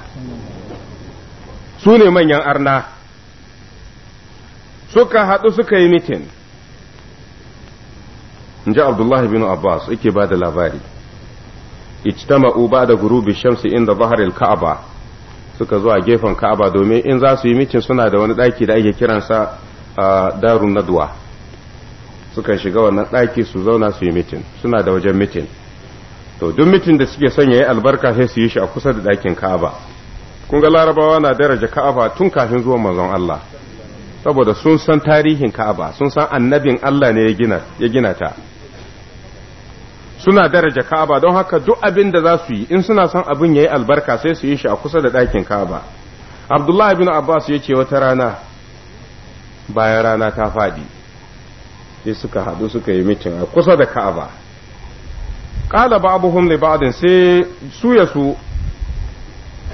su ne manyan arna suka haɗu suka yi mitin in ji abdullahi bin abbas yake ba da labari ijtama'u ba da gurubi shamsi inda baharil ka'aba suka zuwa gefen ka'aba domin in za su yi mikin suna da wani ɗaki da ake kiransa darun nadwa sukan shiga wannan ɗaki su zauna su yi mitin suna da wajen mitin to duk mitin da suke son yayi albarka sai su yi shi a kusa da ɗakin ka'aba kun ga larabawa na daraja ka'aba tun kafin zuwa manzon Allah saboda sun san tarihin ka'aba sun san annabin Allah ne ya gina ta suna daraja Ka'aba don haka duk abin da za su yi in suna son abin yayi albarka sai su yi shi a kusa da ɗakin Ka'aba Abdullahi bin Abbas ya ce wata rana bayan rana ta faɗi sai suka haɗu suka yi mitin a kusa da Ka'aba qala ba'dhum li ba'din sai su ya su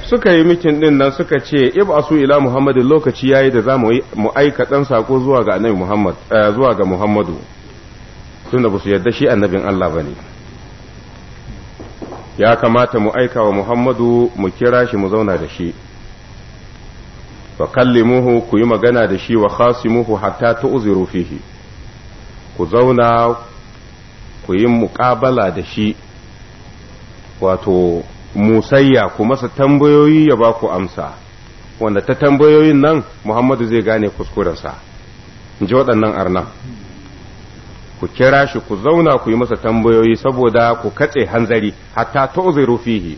suka yi mitin din nan suka ce ib'asu ila Muhammadin lokaci yayi da zamu yi mu aika dan sako zuwa ga Annabi Muhammad eh, zuwa ga Muhammadu tunda ba su yarda shi annabin Allah bane ya kamata mu aika wa Muhammadu mu kira shi mu zauna da shi wa kallimuhu ku yi magana da shi wa khasimuhu hatta tu'ziru fihi ku zauna ku yi muƙabala da shi wato musayya ku masa tambayoyi ya ba ku amsa wanda ta tambayoyin nan Muhammadu zai gane kuskurensa in ji waɗannan arnan ku kira shi ku zauna ku yi masa tambayoyi saboda ku katse hanzari hatta tu'ziru fihi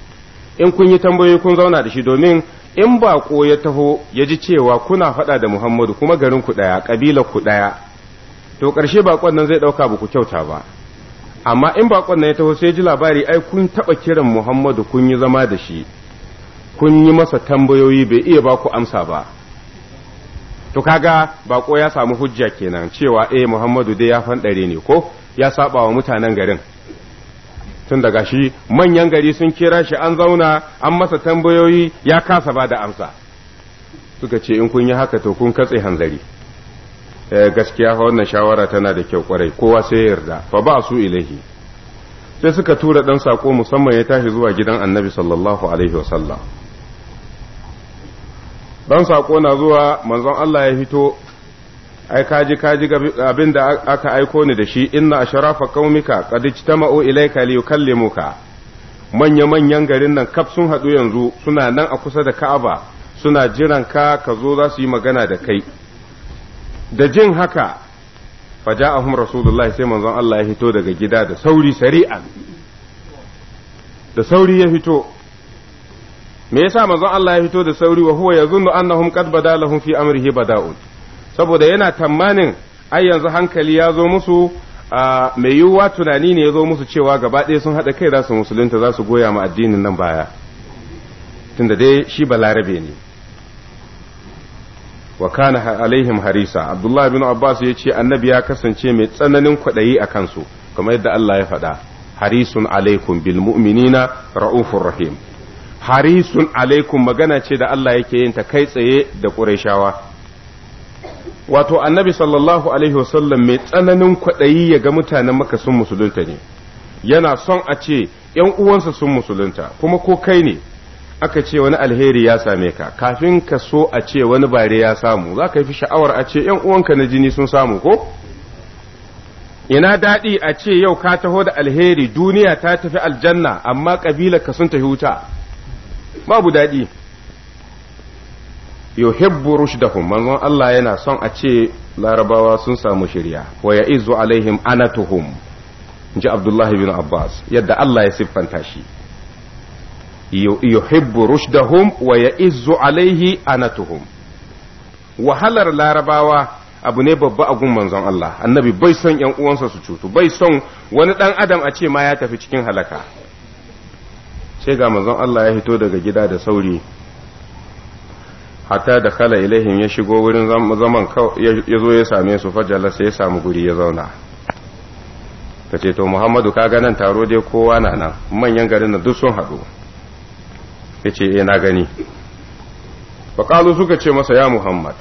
in kun yi tambayoyi kun zauna da shi domin in baƙo ya taho ya ji cewa kuna faɗa da Muhammadu kuma garin ku ɗaya kabila ku ɗaya to karshe baƙon nan zai ɗauka ba ku kyauta ba amma in baƙon nan ya taho sai ji labari ai kun taɓa kiran Muhammadu kun yi zama da shi kun yi masa tambayoyi bai iya ba ku amsa ba to kaga bako ya samu hujja kenan cewa eh Muhammadu dai ya fanɗare ne ko ya saba wa mutanen garin tun daga shi manyan gari sun kira shi an zauna an masa tambayoyi ya kasa ba da amsa suka ce in kun yi haka to kun katse hanzari eh, gaskiya wannan shawara tana da kyau kwarai kowa sai yarda fa ba su ilahi sai suka tura dan sako musamman ya tashi zuwa gidan annabi sallallahu alaihi wasallam ɗan saƙo na zuwa manzon Allah ya fito ai kaji kaji abin da aka aiko ni da shi inna ashrafa qaumika qad ijtama'u ilayka liyukallimuka manya manyan garin nan kaf sun haɗu yanzu suna nan a kusa da Ka'aba suna jiran ka ka zo za su yi magana da kai da jin haka faja'ahum rasulullahi sai manzon Allah ya fito daga gida da sauri sari'an da sauri ya fito me yasa manzon Allah ya fito da sauri wa huwa yazunnu annahum qad badalahum fi amrihi bada'un saboda yana tamanin ai yanzu hankali ya zo musu mai yiwuwa tunani ne ya zo musu cewa gaba ɗaya sun haɗa kai za su musulunta za su goya ma addinin nan baya tunda dai shi balarabe ne wa kana alaihim harisa abdullah bin abbas ya ce annabi ya kasance mai tsananin kwaɗayi a kansu kamar yadda allah ya faɗa harisun alaikum bil mu'minina ra'ufur rahim harisun alaikum magana ce da Allah yake yin ta kai tsaye da ƙurashawa wato annabi sallallahu alaihi wasallam mai tsananin kwaɗayi ya ga mutanen maka sun musulunta ne yana son a ce ‘yan uwansa sun musulunta kuma ko kai ne aka ce wani alheri ya same ka kafin ka so a ce wani bare ya samu za ka fi sha'awar a ce ‘yan uwanka na jini sun samu ko ina daɗi a ce yau ka taho da alheri duniya ta tafi aljanna amma ƙabila ka sun tafi wuta babu daɗi yuhibbu rushdahum manzon Allah yana son a ce larabawa sun samu shirya wa ya'izu alaihim anatuhum ji Abdullahi bin Abbas yadda Allah ya siffanta shi yuhibbu rushdahum wa ya'izu alaihi anatuhum wahalar larabawa abu ne babba a gun manzon Allah annabi bai son yan uwansa su cutu bai son wani dan adam a ce ma ya tafi cikin halaka sai ga mazan Allah ya hito daga gida da sauri hatta da kala ilaihim ya shigo wurin zaman ya zo ya same su fajala sai ya samu guri ya zauna ka ce to muhammadu ka ganin taro dai kowa na nan manyan garin duk sun haɗu ya ce eh na gani faƙalu suka ce masa ya muhammad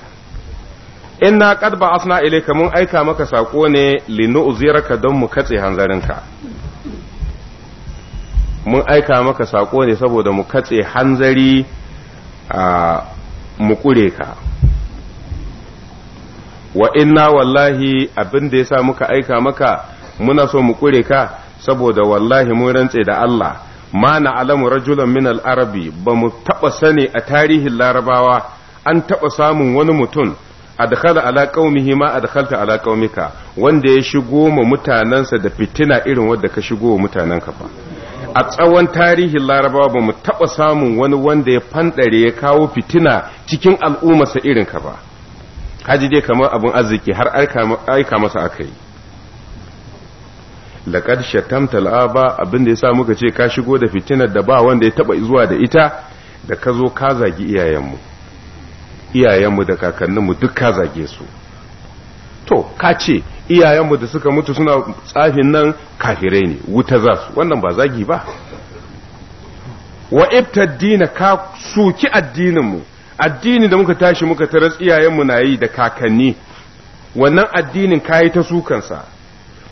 inna qad ba'athna ilayka mun aika maka sako ne Linu ka don mu katse hanzarinka mun aika maka sako ne saboda mu katse hanzari a mu kure ka wa inna wallahi abin da ya sa muka aika maka muna so mu kure ka saboda wallahi mun rantse da Allah ma na alamu rajulan min al-arabi ba mu taɓa sani a tarihin larabawa an taɓa samun wani mutum adkhala ala qaumihi ma adkhalta ala qaumika wanda ya shigo ma mutanansa da fitina irin wadda ka shigo wa ka fa a tsawon tarihin larabawa ba mu taɓa samun wani wanda ya fanɗare ya kawo fitina cikin al'ummarsa irin ka ba haji dai kamar abin arziki har aika masa aka yi laƙad shatamta al'aba abin da ya sa muka ce ka shigo da fitinar da ba wanda ya taɓa zuwa da ita da ka zo ka zagi iyayenmu iyayenmu da kakanninmu duk ka zage su to ka ce iyayenmu da suka mutu suna tsafin nan kafirai ne wuta za su wannan ba zagi ba wa ibtaddina ka suki addininmu addini da muka tashi muka taras iyayenmu na yi da kakanni wannan addinin ka yi ta sukansa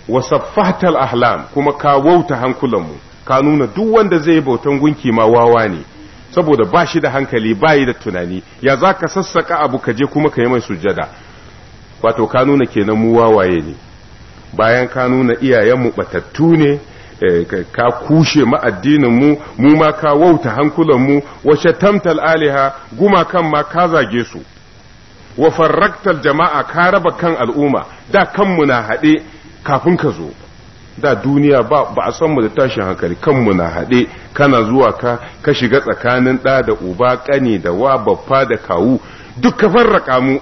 wa saffatal ahlam kuma ka wauta hankulanmu ka nuna duk wanda zai bautan gunki ma wawa ne saboda ba shi da hankali ba yi da tunani ya za ka sassaka abu ka je kuma ka yi mai sujada wato ka nuna kenan mu wawaye ne bayan ka nuna iyayenmu batattu ne eh, ka kushe ma addinin mu mu ma ka wauta hankulan mu wa shatamtal aliha guma kan ma ka zage su wa farraktal jama'a ka raba kan al'umma da kanmu na haɗe kafin ka zo da duniya ba ba a san mu da tashin hankali kanmu na haɗe kana zuwa ka ka shiga tsakanin ɗa da uba ƙani da wa babba da kawu duk ka farraka mu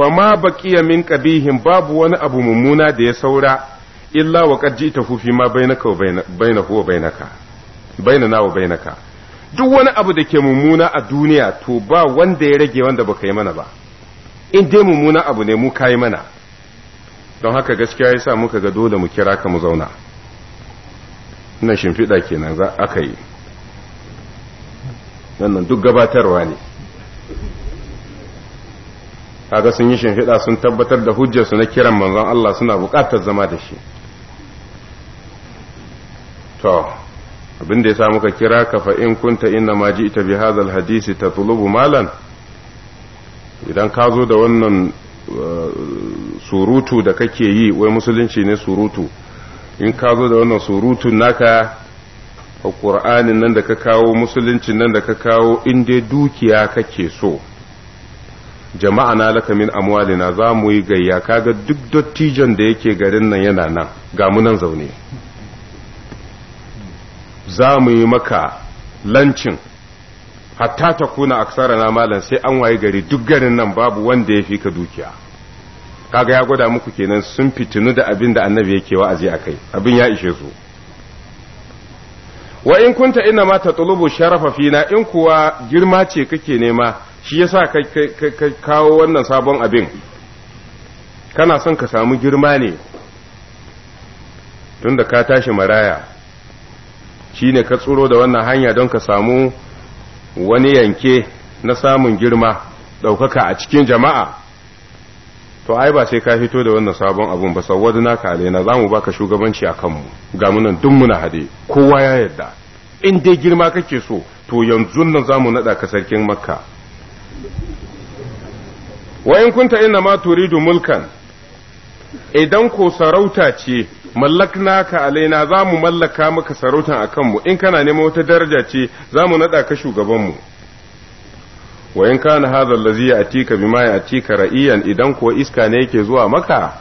fama baqiya min ƙabihin babu wani abu mummuna da ya saura illa wa qad jita fi ma bainaka wa huwa bainaka bainana wa bainaka duk wani abu da ke mummuna a duniya to ba wanda ya rage wanda baka yi mana ba in dai mummuna abu ne mu kai mana don haka gaskiya yasa muka ga dole mu kira ka mu zauna ina shimfiɗa kenan za aka yi wannan duk gabatarwa ne kaga sun yi shinfiɗa sun tabbatar da hujjarsu na kiran manzon Allah suna buƙatar zama da shi to abin da ya sa muka kira ka fa in kunta inna ma ji'ta bi hadha alhadisi tatlubu malan idan ka zo da wannan uh, surutu da kake yi wai musulunci ne surutu in ka zo da wannan surutun naka a ƙur'anin nan da ka kawo musulunci nan da ka kawo in dai dukiya kake so jama'a na laka min amwalina za mu yi gayya kaga duk dottijon da yake garin nan yana nan ga mu nan zaune za mu yi maka lancin hatta ta kuna aksara na malam sai an waye gari duk garin nan babu wanda ya fi ka dukiya kaga ya gwada muku kenan sun fitinu da abin da annabi yake wa'azi a kai abin ya ishe su wa in kunta ina ma tatlubu tulubu sharafa fina in kuwa girma ce kake nema shi sa ka kawo wannan sabon abin kana son ka samu girma ne tunda ka tashi maraya shi ne ka tsoro da wannan hanya don ka samu wani yanke na samun girma ɗaukaka a cikin jama'a to ai ba sai ka fito da wannan sabon abin ba sauwadu naka alaina za mu baka shugabanci a kanmu ga munan duk muna haɗe kowa ya yarda in dai girma kake so to yanzu nan za mu naɗa ka sarkin makka wa in kunta inna ma turidu mulkan idan ko sarauta ce mallakna ka alaina zamu mallaka maka sarautan a kanmu in kana neman wata daraja ce zamu mu naɗa ka shugabanmu wa in kana hadha allazi ya'tika bima ya'tika ra'iyan idan ko iska ne yake zuwa maka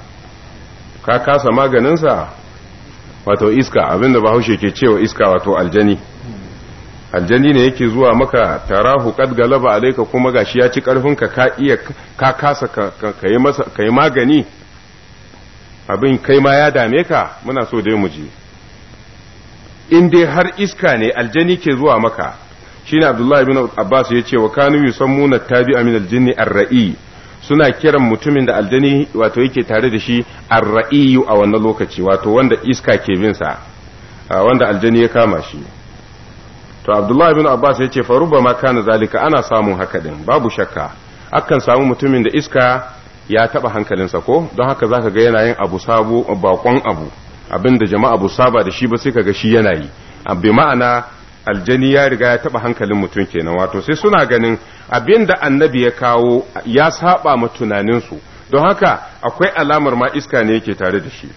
ka kasa maganinsa wato iska abinda bahaushe ke cewa iska wato aljani aljani ne yake zuwa maka tarahu kad galaba alayka kuma gashi ya ci karfin ka iya ka kasa ka yi masa kai magani abin kai ma ya dame ka muna so dai mu ji in dai har iska ne aljani ke zuwa maka shine abdullahi ibn abbas ce wa kanu yusammuna tabi'a min aljinni ar suna kiran mutumin da aljani wato yake tare da shi ar-ra'i a wannan lokaci wato wanda iska ke bin sa wanda aljani ya kama shi to abdullahi bin abbas ya ce ba ma kana zalika ana samun haka din babu shakka akan samu mutumin da iska ya taba hankalinsa ko don haka za ka ga yana yin abu sabo bakon abu abinda jama'a abu saba da shi ba sai ka ga shi yana yi abin ma'ana aljani ya riga ya taba hankalin mutum kenan wato sai suna ganin abinda annabi ya kawo ya saba ma tunaninsu don haka akwai alamar ma iska ne yake tare da shi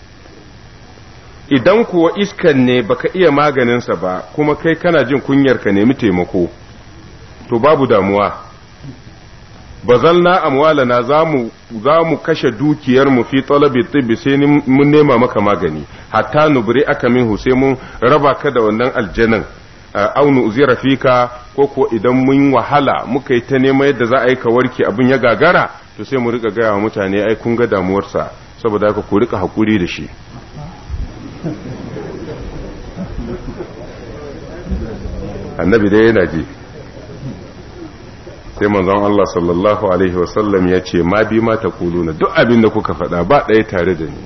idan kuwa iskan ne baka iya maganinsa ba kuma kai kana jin kunyar ka nemi taimako to babu damuwa bazalna amwalana za mu kashe dukiyarmu fi talabi tibbi sai mun nema maka magani hatta nubri aka min sai mun raba ka da wannan aljanin aunu ah, uzira fika ko ko idan mun wahala muka yi ta neman yadda za a yi ka warke abin ya gagara to sai mu rika gaya wa mutane ai kun ga damuwarsa saboda haka ku rika hakuri da shi annabi dai yana ji sai manzon Allah sallallahu alaihi wasallam ya ce ma bi ma ta kuluna duk abin da kuka faɗa ba ɗaya tare da ni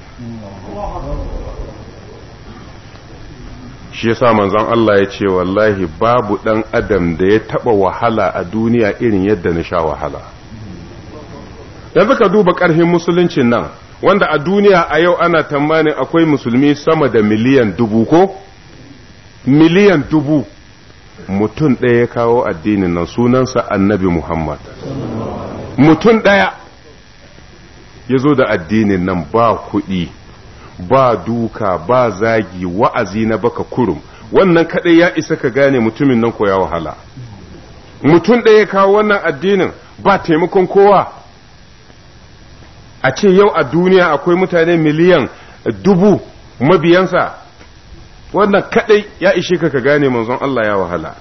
shi yasa manzon Allah ya ce wallahi babu ɗan adam da ya taɓa wahala a duniya irin yadda na sha wahala yanzu ka duba ƙarfin musuluncin nan wanda a duniya a yau ana tamanin akwai musulmi sama da miliyan dubu ko miliyan dubu mutum ɗaya ya kawo addinin nan sunansa annabi muhammad mutum ɗaya ya zo da addinin nan ba kuɗi ba duka ba zagi wa'azi na baka kurum wannan kaɗai ya isa ka gane mutumin nan ko ya wahala mutum ɗaya ya kawo wannan addinin ba taimakon kowa a ce yau a duniya akwai mutane miliyan dubu mabiyansa wannan kadai ya ishe ka ka gane manzon Allah ya wahala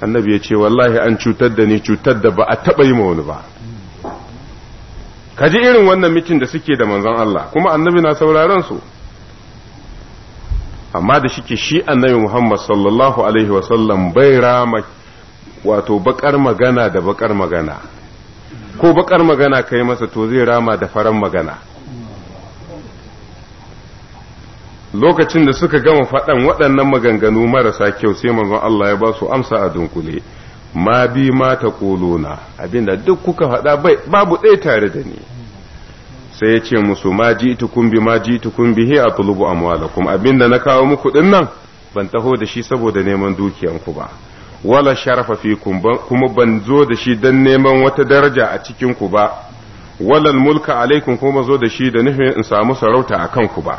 annabi ya ce wallahi an cutar da ni cutar da ba a taɓa yi ma wani ba ka ji irin wannan mitin da suke da manzon Allah kuma annabi na sauraron su amma da shike shi annabi Muhammad sallallahu alaihi wasallam bai rama wato bakar magana da bakar magana ko bakar magana ka yi masa to zai rama da faran magana lokacin da suka gama faɗan waɗannan maganganu marasa kyau sai manzon Allah ya ba su amsa a dunkule ma bi ma ta kolona abinda duk kuka faɗa babu ɗaya tare da ni sai ya ce musu ma ji tukun bi ma ji tukun he a tulubu amwalakum abinda na kawo muku ɗin nan ban taho da shi saboda neman dukiyanku ba wala sharafa fikum kuma ban zo da shi dan neman wata daraja a cikin ku ba walal mulka alaikum kuma zo da shi da nufin in samu sarauta a kanku ba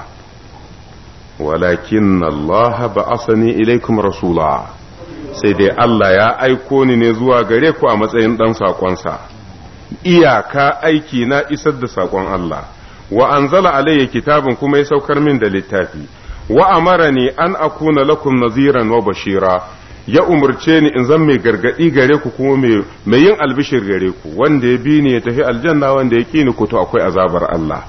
walakin Allah Asani ilaikum rasula sai dai Allah ya aiko ni ne zuwa gare ku a matsayin dan saƙonsa. iyaka aiki na isar da sakon Allah wa anzala alayya kitabun kuma ya saukar min da littafi wa amarani an akuna lakum naziran wa bashira ya umarce ni in zan mai gargadi gare ku kuma mai yin albishir gare ku wanda ya bi ni ya tafi aljanna wanda ya kini ku to akwai azabar Allah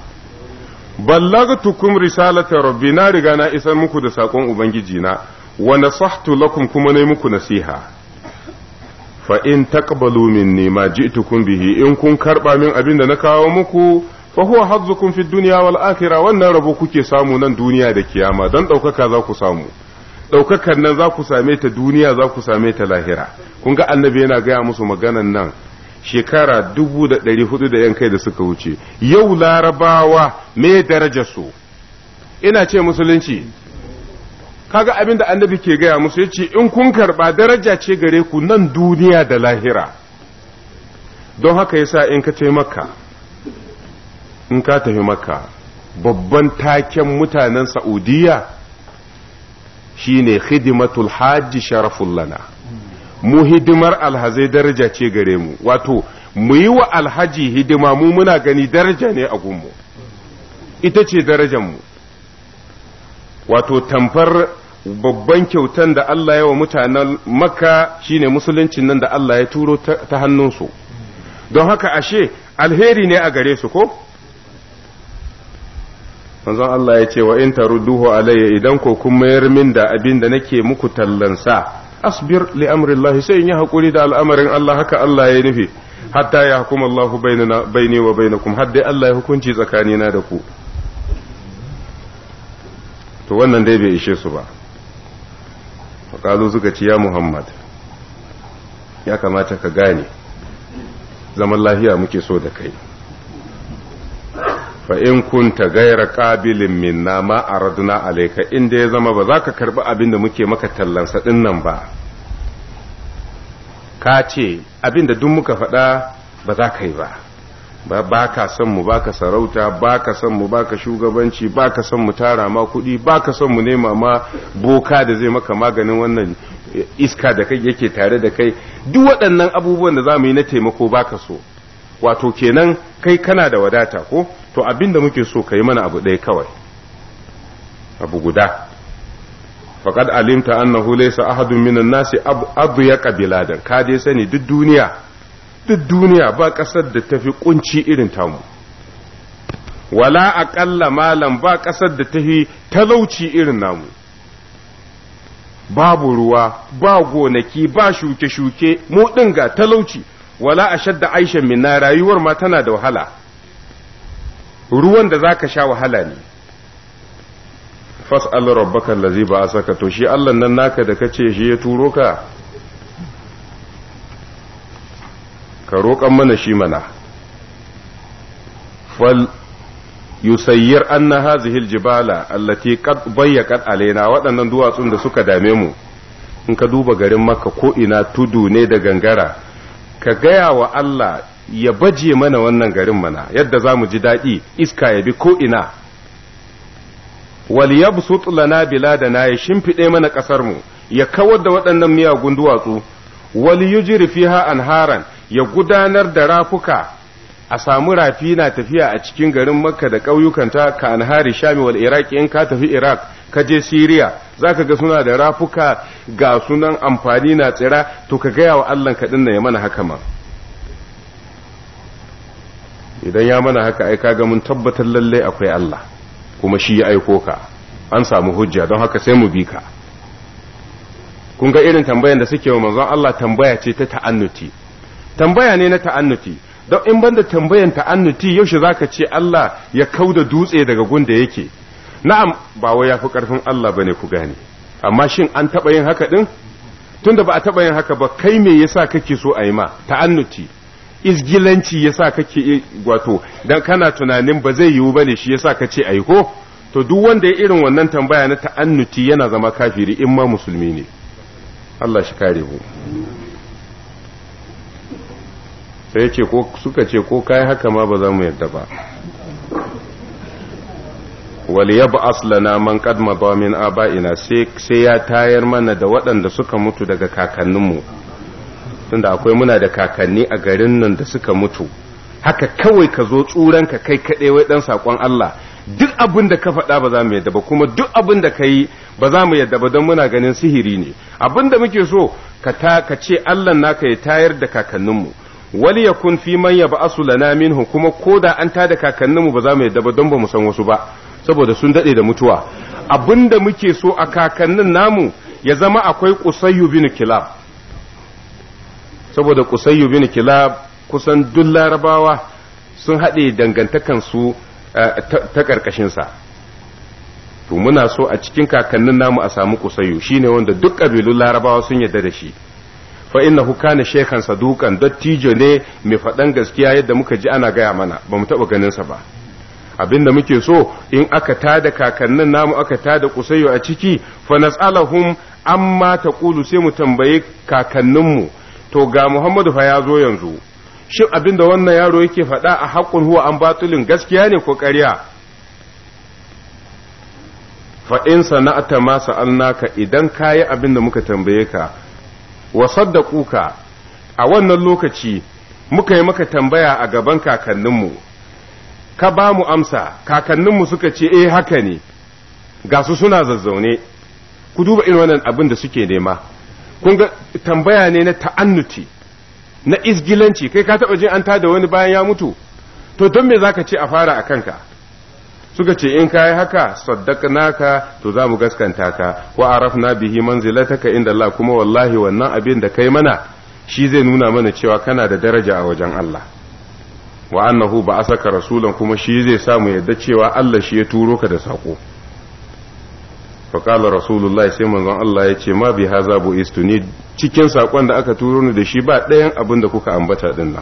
ballagtukum risalata rabbi na riga na isa muku da sakon ubangiji na wa nasahtu lakum kuma nayi muku nasiha fa in taqbalu minni ma ji'tukum bihi in kun karba min abin da na kawo muku fa huwa hazzukum fid dunya wal akhirah wannan rabo kuke samu nan duniya da kiyama dan daukaka za ku samu daukakar nan za ku same ta duniya za ku same ta lahira kun ga annabi yana gaya musu maganan nan shekara dubu da ɗari hudu da yankai kai da suka wuce yau larabawa me daraja su ina ce musulunci kaga abin da annabi ke gaya musu ya ce in kun karɓa daraja ce gare ku nan duniya da lahira don haka yasa in ka ce makka in ka tafi makka babban taken mutanen sa'udiyya shine hidimatul hajj sharaful lana mu hidimar alhazai daraja ce gare mu wato mu yi wa alhaji hidima mu muna gani daraja ne a gunmu ita ce darajar mu wato tamfar babban kyautan da Allah ya wa mutanen makka shine musuluncin nan da Allah ya turo ta hannunsu don haka ashe alheri ne a gare su ko manzon Allah ya ce wa in tarudduhu alayya idan ko kun mayar min da abin da nake muku tallansa asbir li Allah sai in yi hakuri da al'amarin Allah haka Allah ya nufi hatta ya hukuma Allah bainana baini wa bainakum har dai Allah ya hukunci tsakanina da ku to wannan dai bai ishe su ba faƙalu suka ce ya Muhammad ya kamata ka gane zaman lafiya muke so da kai fa in kunta gaira qabilin minna ma aradna alayka inda ya zama ba za ka karbi abin da muke maka tallansa ɗin nan ba ka ce abin da duk muka faɗa ba za ka yi ba ba ka son mu ba ka sarauta ba ka son mu ba ka shugabanci ba ka son mu tara ma kuɗi ba ka son mu nema ma boka da zai maka maganin wannan iska da kai yake tare da kai duk waɗannan abubuwan da za mu yi na taimako ba ka so wato kenan kai kana da wadata ko to abin da muke so ka yi mana abu ɗaya kawai abu guda faƙad alimta annahu laysa ahadun minan nasi abu ya da ka dai sani duk duniya duk duniya ba ƙasar da tafi kunci irin tamu wala aƙalla malam ba ƙasar da tafi talauci irin namu babu ruwa ba gonaki ba shuke-shuke mu ɗin ga talauci wala a shadda aisha minna rayuwar ma tana da wahala ruwan da za ka sha wahala ne fas'al rabbaka allazi ba saka to shi Allah nan naka da kace shi ya turo ka ka roƙan mana shi mana fal yusayyir anna hazihi aljibala allati qad alaina waɗannan duwatsun da suka dame mu in ka duba garin makka ko ina tudu ne da gangara ka gaya wa Allah ya baje mana wannan garin mana yadda za mu ji daɗi iska ya bi ko'ina waliyabsut lana biladana ya shimfiɗe mana ƙasarmu ya kawar da waɗannan miyagun duwatsu waliyujri fiha anharan ya gudanar da rafuka a samu rafi na tafiya a cikin garin makka da ƙauyukan ta ka anhari shami wal iraki in ka tafi iraq ka je siriya za ka ga suna da rafuka ga sunan amfani na tsira to ka gaya wa allah ka na ya mana haka ma idan ya mana haka ai kaga mun tabbatar lalle akwai Allah kuma shi ya aiko ka an samu hujja don haka sai mu bi ka kun ga irin tambayan da suke wa manzon Allah tambaya ce ta ta'annuti tambaya ne na ta'annuti don in banda tambayan ta'annuti yaushe zaka ce Allah ya kauda dutse daga gunda yake na'am ba wai yafi karfin Allah bane ku gane amma shin an taba yin haka din tunda ba a taba yin haka ba kai me yasa kake so a yi ma ta'annuti izgilanci yasa kake wato dan kana tunanin ba zai yiwu ba ne shi yasa kace ai ko to duk wanda ya irin wannan tambaya na ta'annuti yana zama kafiri in ma musulmi ne Allah shi kare mu sai ce ko suka ce ko kai haka ma ba za mu yadda ba wal yab'as lana man qad aba'ina sai ya tayar mana da waɗanda suka mutu daga kakanninmu tunda akwai muna da kakanni a garin nan da suka mutu haka kawai ka zo tsuran ka kai kaɗai wai dan sakon Allah duk abin da ka faɗa ba za mu yadda ba kuma duk abin da ka yi ba za mu yadda ba don muna ganin sihiri ne abin da muke so ka ta ka ce Allah naka ya tayar da kakanninmu wali yakun fi man yab'asu lana minhu kuma koda an ta da kakanninmu ba za mu yadda ba don ba mu san wasu ba saboda sun dade da mutuwa abin da muke so a kakannin namu ya zama akwai qusayyu bin kilab saboda kusayyu bin kilab kusan duk larabawa sun haɗe dangantakansu eh, ta ƙarƙashinsa to muna so a cikin kakannin namu a samu kusayyu shine wanda duk ƙabilun larabawa sun yarda da shi fa innahu kana shaykhan saduqan dattijo ne mai faɗan gaskiya yadda muka ji ana gaya mana ba mu taɓa ganin sa ba abinda muke so in aka tada kakannin namu aka tada kusayyo a ciki fa nas'alahum amma taqulu sai mu tambaye kakanninmu to ga Muhammadu fa ya zo yanzu shin abinda da wannan yaro yake faɗa a haƙun huwa an batulin gaskiya ne ko ƙarya fa in sana'ata ma sa'alnaka idan kayi abin da muka tambaye ka wa saddaquka a wannan lokaci muka yi maka tambaya a gaban kakanninmu ka ba mu amsa kakanninmu suka ce eh haka ne ga su suna zazzaune ku duba irin wannan abin da suke nema kun ga tambaya ne na ta'annuti na izgilanci kai ka taba jin an tada wani bayan ya mutu to don me zaka ce a fara a kanka suka ce in kayi haka saddaqnaka to za mu gaskanta ka wa arafna bihi manzilataka inda Allah kuma wallahi wannan abin da kai mana shi zai nuna mana cewa kana da daraja a wajen Allah wa annahu ba asaka rasulan kuma shi zai samu yadda cewa Allah shi ya turo ka da sako faƙalar rasulullahi sai manzon Allah ya ce ma bi haza bu ne cikin saƙon da aka turo ni da shi ba ɗayan abin da kuka ambata ɗin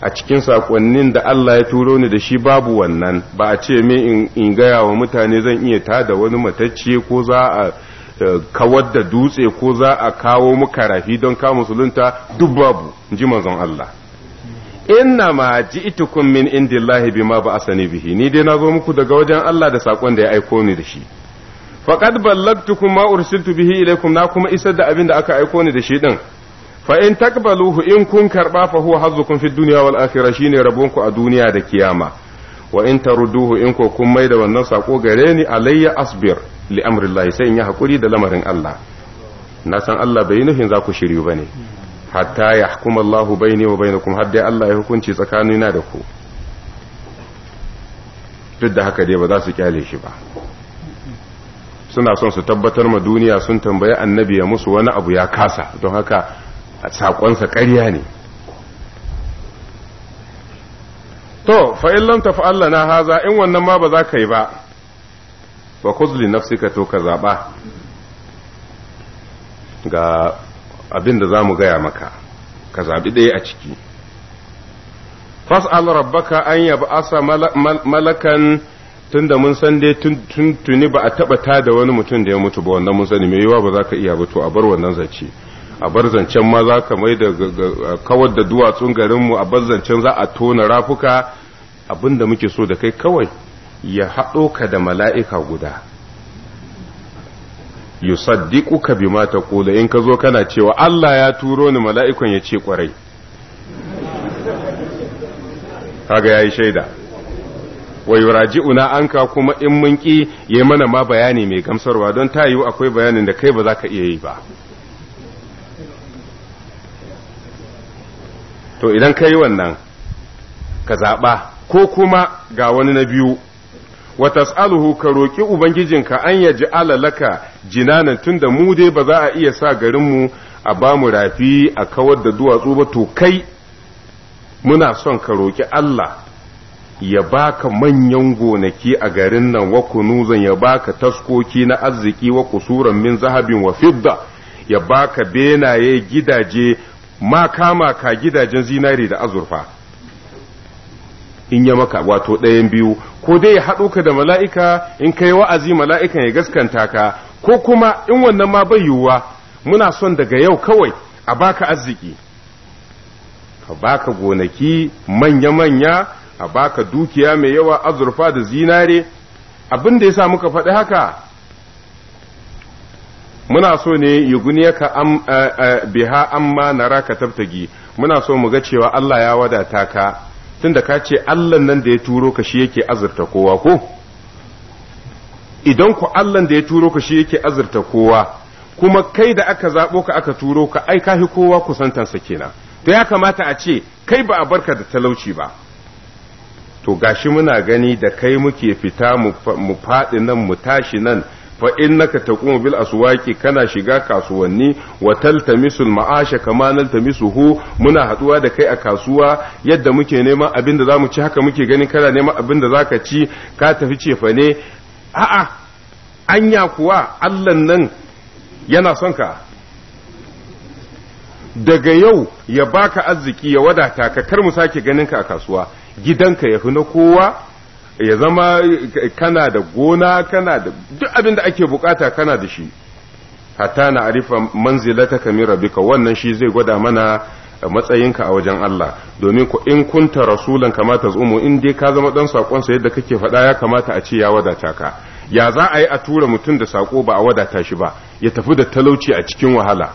a cikin saƙonnin da Allah ya turo ni da shi babu wannan ba a ce me in gaya wa mutane zan iya ta da wani matacce ko za a eh, kawar da dutse ko za a kawo muka rafi don ka musulunta duk babu in ji manzon Allah inna ma ji'tukum min indillahi bima ba'asani bihi ni dai na zo muku daga wajen Allah da saƙon da ya aiko ni da shi faqad ballagtukum ma ursiltu bihi ilaykum na kuma isar da abin da aka aiko ni da shi din fa in takbaluhu in kun karba fa huwa hazzukum fid dunya wal akhirah shine ku a duniya da kiyama wa in tarduhu in ko kun maida wannan sako gare ni alayya asbir li amrillahi sai in yi hakuri da lamarin Allah na san Allah bai nufin za ku shiryu bane hatta yahkum Allahu baini wa bainakum har dai Allah ya hukunci tsakanina da ku duk da haka dai ba za su kyale shi ba suna son su tabbatar ma duniya sun tambayi annabi ya musu wani abu ya kasa don haka saƙonsa ƙarya ne to fa'in lam Allah na haza in wannan ma ba za ka yi ba ba kuzli nafsika to ka zaɓa ga abin da za mu gaya maka ka zaɓi ɗaya a ciki fas'al rabbaka an yab'asa malakan tun da mun san dai tuni ba a taɓa ta da wani mutum da ya mutu ba wannan mun sani mai yiwa ba za ka iya ba to a bar wannan zance a bar zancen ma za ka mai da kawar da duwatsun garinmu a bar zancen za a tona rafuka abin da muke so da kai kawai ya haɗo ka da mala'ika guda ka ma ta kula in ka zo kana cewa Allah ya turo ni mala'ikan ya ce kwarai kaga yayi shaida wa yuraji'una anka kuma in mun ki yayi mana ma bayani mai gamsarwa don ta yiwu akwai bayanin da kai ba za ka iya yi ba to idan kai wannan ka zaɓa ko kuma ga wani na biyu wa tas'aluhu ka roƙi ubangijinka an ya ji'ala laka jinanan tunda mu dai ba za a iya sa garinmu a ba mu rafi a kawar da duwatsu ba to kai muna son ka roƙi Allah ya baka manyan gonaki a garin nan wa kunuzan ya baka taskoki na arziki wa kusuran min zahabin wa fidda ya baka benaye gidaje ma kama ka gidajen zinari da azurfa in ya maka wato ɗayan biyu ko dai ya haɗo ka da mala'ika in kai wa'azi mala'ikan ya gaskanta ka ko kuma in wannan ma bai yiwuwa muna son daga yau kawai a baka arziki ka baka gonaki manya-manya a baka dukiya mai yawa azurfa da zinare abin da ya muka faɗi haka muna so ne yuguniyaka am eh, eh, biha amma naraka tabtagi muna so mu ga cewa Allah ya wadata ka tunda ka ce Allah nan da ya turo ka shi yake azurta kowa ko idan ku Allah da ya turo ka shi yake azurta kowa kuma kai da aka zabo ka aka turo ka ai kahi kowa kusantansa kenan to ya kamata a ce kai ba a barka da talauci ba to gashi muna gani da kai muke fita mu faɗi nan mu tashi nan fa innaka taqumu bil aswaqi kana shiga kasuwanni wa taltamisul ma'asha kama naltamisuhu muna haduwa da kai a kasuwa yadda muke neman abin zamu ci haka muke gani kana neman abin da zaka ci ka tafi cefa ne a'a anya kuwa Allah nan yana son ka daga yau ya baka arziki ya wadata ka kar mu sake ganin ka a kasuwa gidanka ya fi na kowa ya zama kana da gona kana da duk abin da ake bukata kana da shi hatta na arifa manzilata kamira rabika wannan shi zai gwada mana matsayinka a wajen Allah domin ku in kunta rasulan kamata zumu in dai ka zama dan sakon sa yadda kake faɗa ya kamata a ce ya wadata ka ya za a yi a tura mutum da sako ba a wadata shi ba ya tafi da talauci a cikin wahala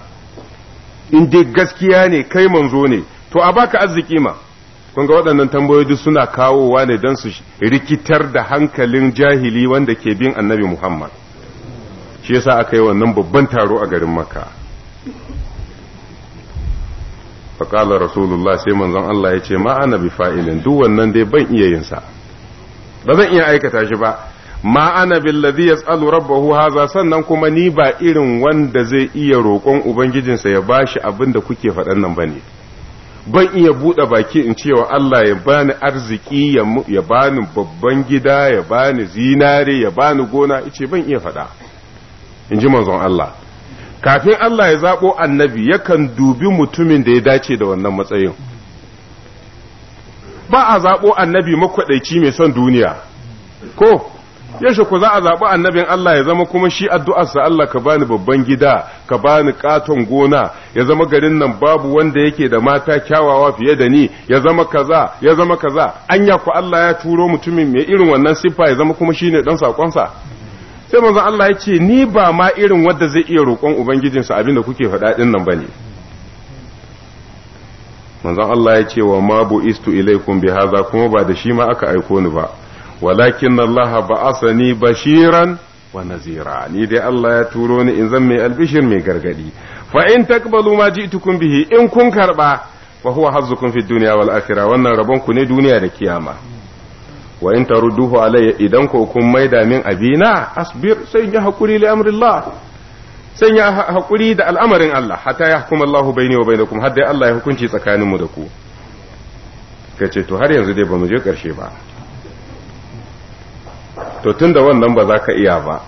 in dai gaskiya ne kai manzo ne to a baka arziki ma kun ga waɗannan tambayoyi duk suna kawowa ne don su rikitar da hankalin jahili wanda ke bin annabi Muhammad shi yasa aka yi wannan babban taro a garin Makka faƙalar rasulullah sai manzon Allah ya ce ma'ana bi fa'ilin duk wannan dai ban iya yin sa ba zan iya aikata shi ba ma ma'ana billadhi yas'alu rabbahu haza sannan kuma ni ba irin wanda zai iya roƙon ubangijinsa ya bashi abin da kuke faɗan nan bane ban iya buɗe baki in cewa Allah ya bani arziki ya bani babban gida ya bani zinare ya bani gona ice ban iya faɗa in ji manzon Allah kafin Allah ya zaɓo annabi yakan dubi mutumin da ya dace da wannan matsayin ba a zaɓo annabi makwaɗaici mai son duniya ko yaushe ku za a zaɓi annabin Allah ya zama kuma shi addu'arsa Allah ka bani babban gida ka bani katon gona ya zama garin nan babu wanda yake da mata kyawawa fiye da ni ya zama kaza ya zama kaza anya ku Allah ya turo mutumin mai irin wannan siffa ya zama kuma shine dan sa sai manzo Allah ya ni ba ma irin wanda zai iya roƙon ubangijinsa abinda kuke faɗa din nan bane manzo Allah ya ce wa ma bu istu ilaikum bi haza kuma ba da shi ma aka aiko ni ba walakin Allah ba'asani bashiran wa nazira ni dai Allah ya turo ni in zan mai albishir mai gargadi fa in takbalu ma ji'tukum bihi in kun karba fa huwa hazzukum fid dunya wal akhirah wannan rabon ku ne duniya da kiyama wa in tarudduhu alayya idan ko kun maida min abina asbir sai ya hakuri li amrillah sai ya hakuri da al'amarin Allah hatta yahkum Allahu baini wa bainakum har Allah ya hukunci tsakaninmu da ku kace to har yanzu dai bamu je karshe ba to tun da wannan ba za ka iya ba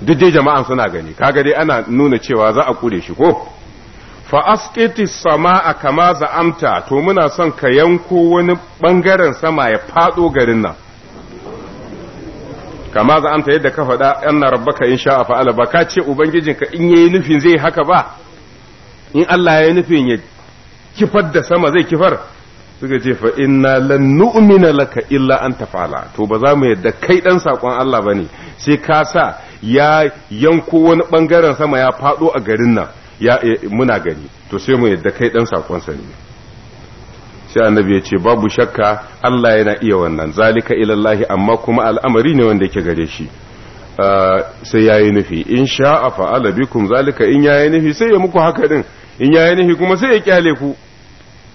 duk dai jama'an suna gani kaga dai ana nuna cewa za a kure shi ko fa asqiti a kama za'amta to muna son ka yanko wani bangaren sama ya fado garin nan kama za'amta yadda ka faɗa anna rabbaka insha fa'ala ba ka ce ubangijinka in yayi nufin zai haka ba in Allah ya nufin ya kifar da sama zai kifar suka ce fa inna lan nu'mina laka illa an tafala to ba za mu yadda kai dan sakon Allah bane sai ka sa ya yanko wani bangaren sama ya fado a garin nan ya e, muna gani to sai mu yadda kai dan sakon sa ne sai annabi ya ce babu shakka Allah yana iya wannan zalika ilallahi amma kuma al'amari ne wanda yake gare shi uh, sai yayi nufi in sha'a fa'ala bikum zalika in yayi nufi sai ya muku haka din in yayi nufi kuma sai ya kyale ku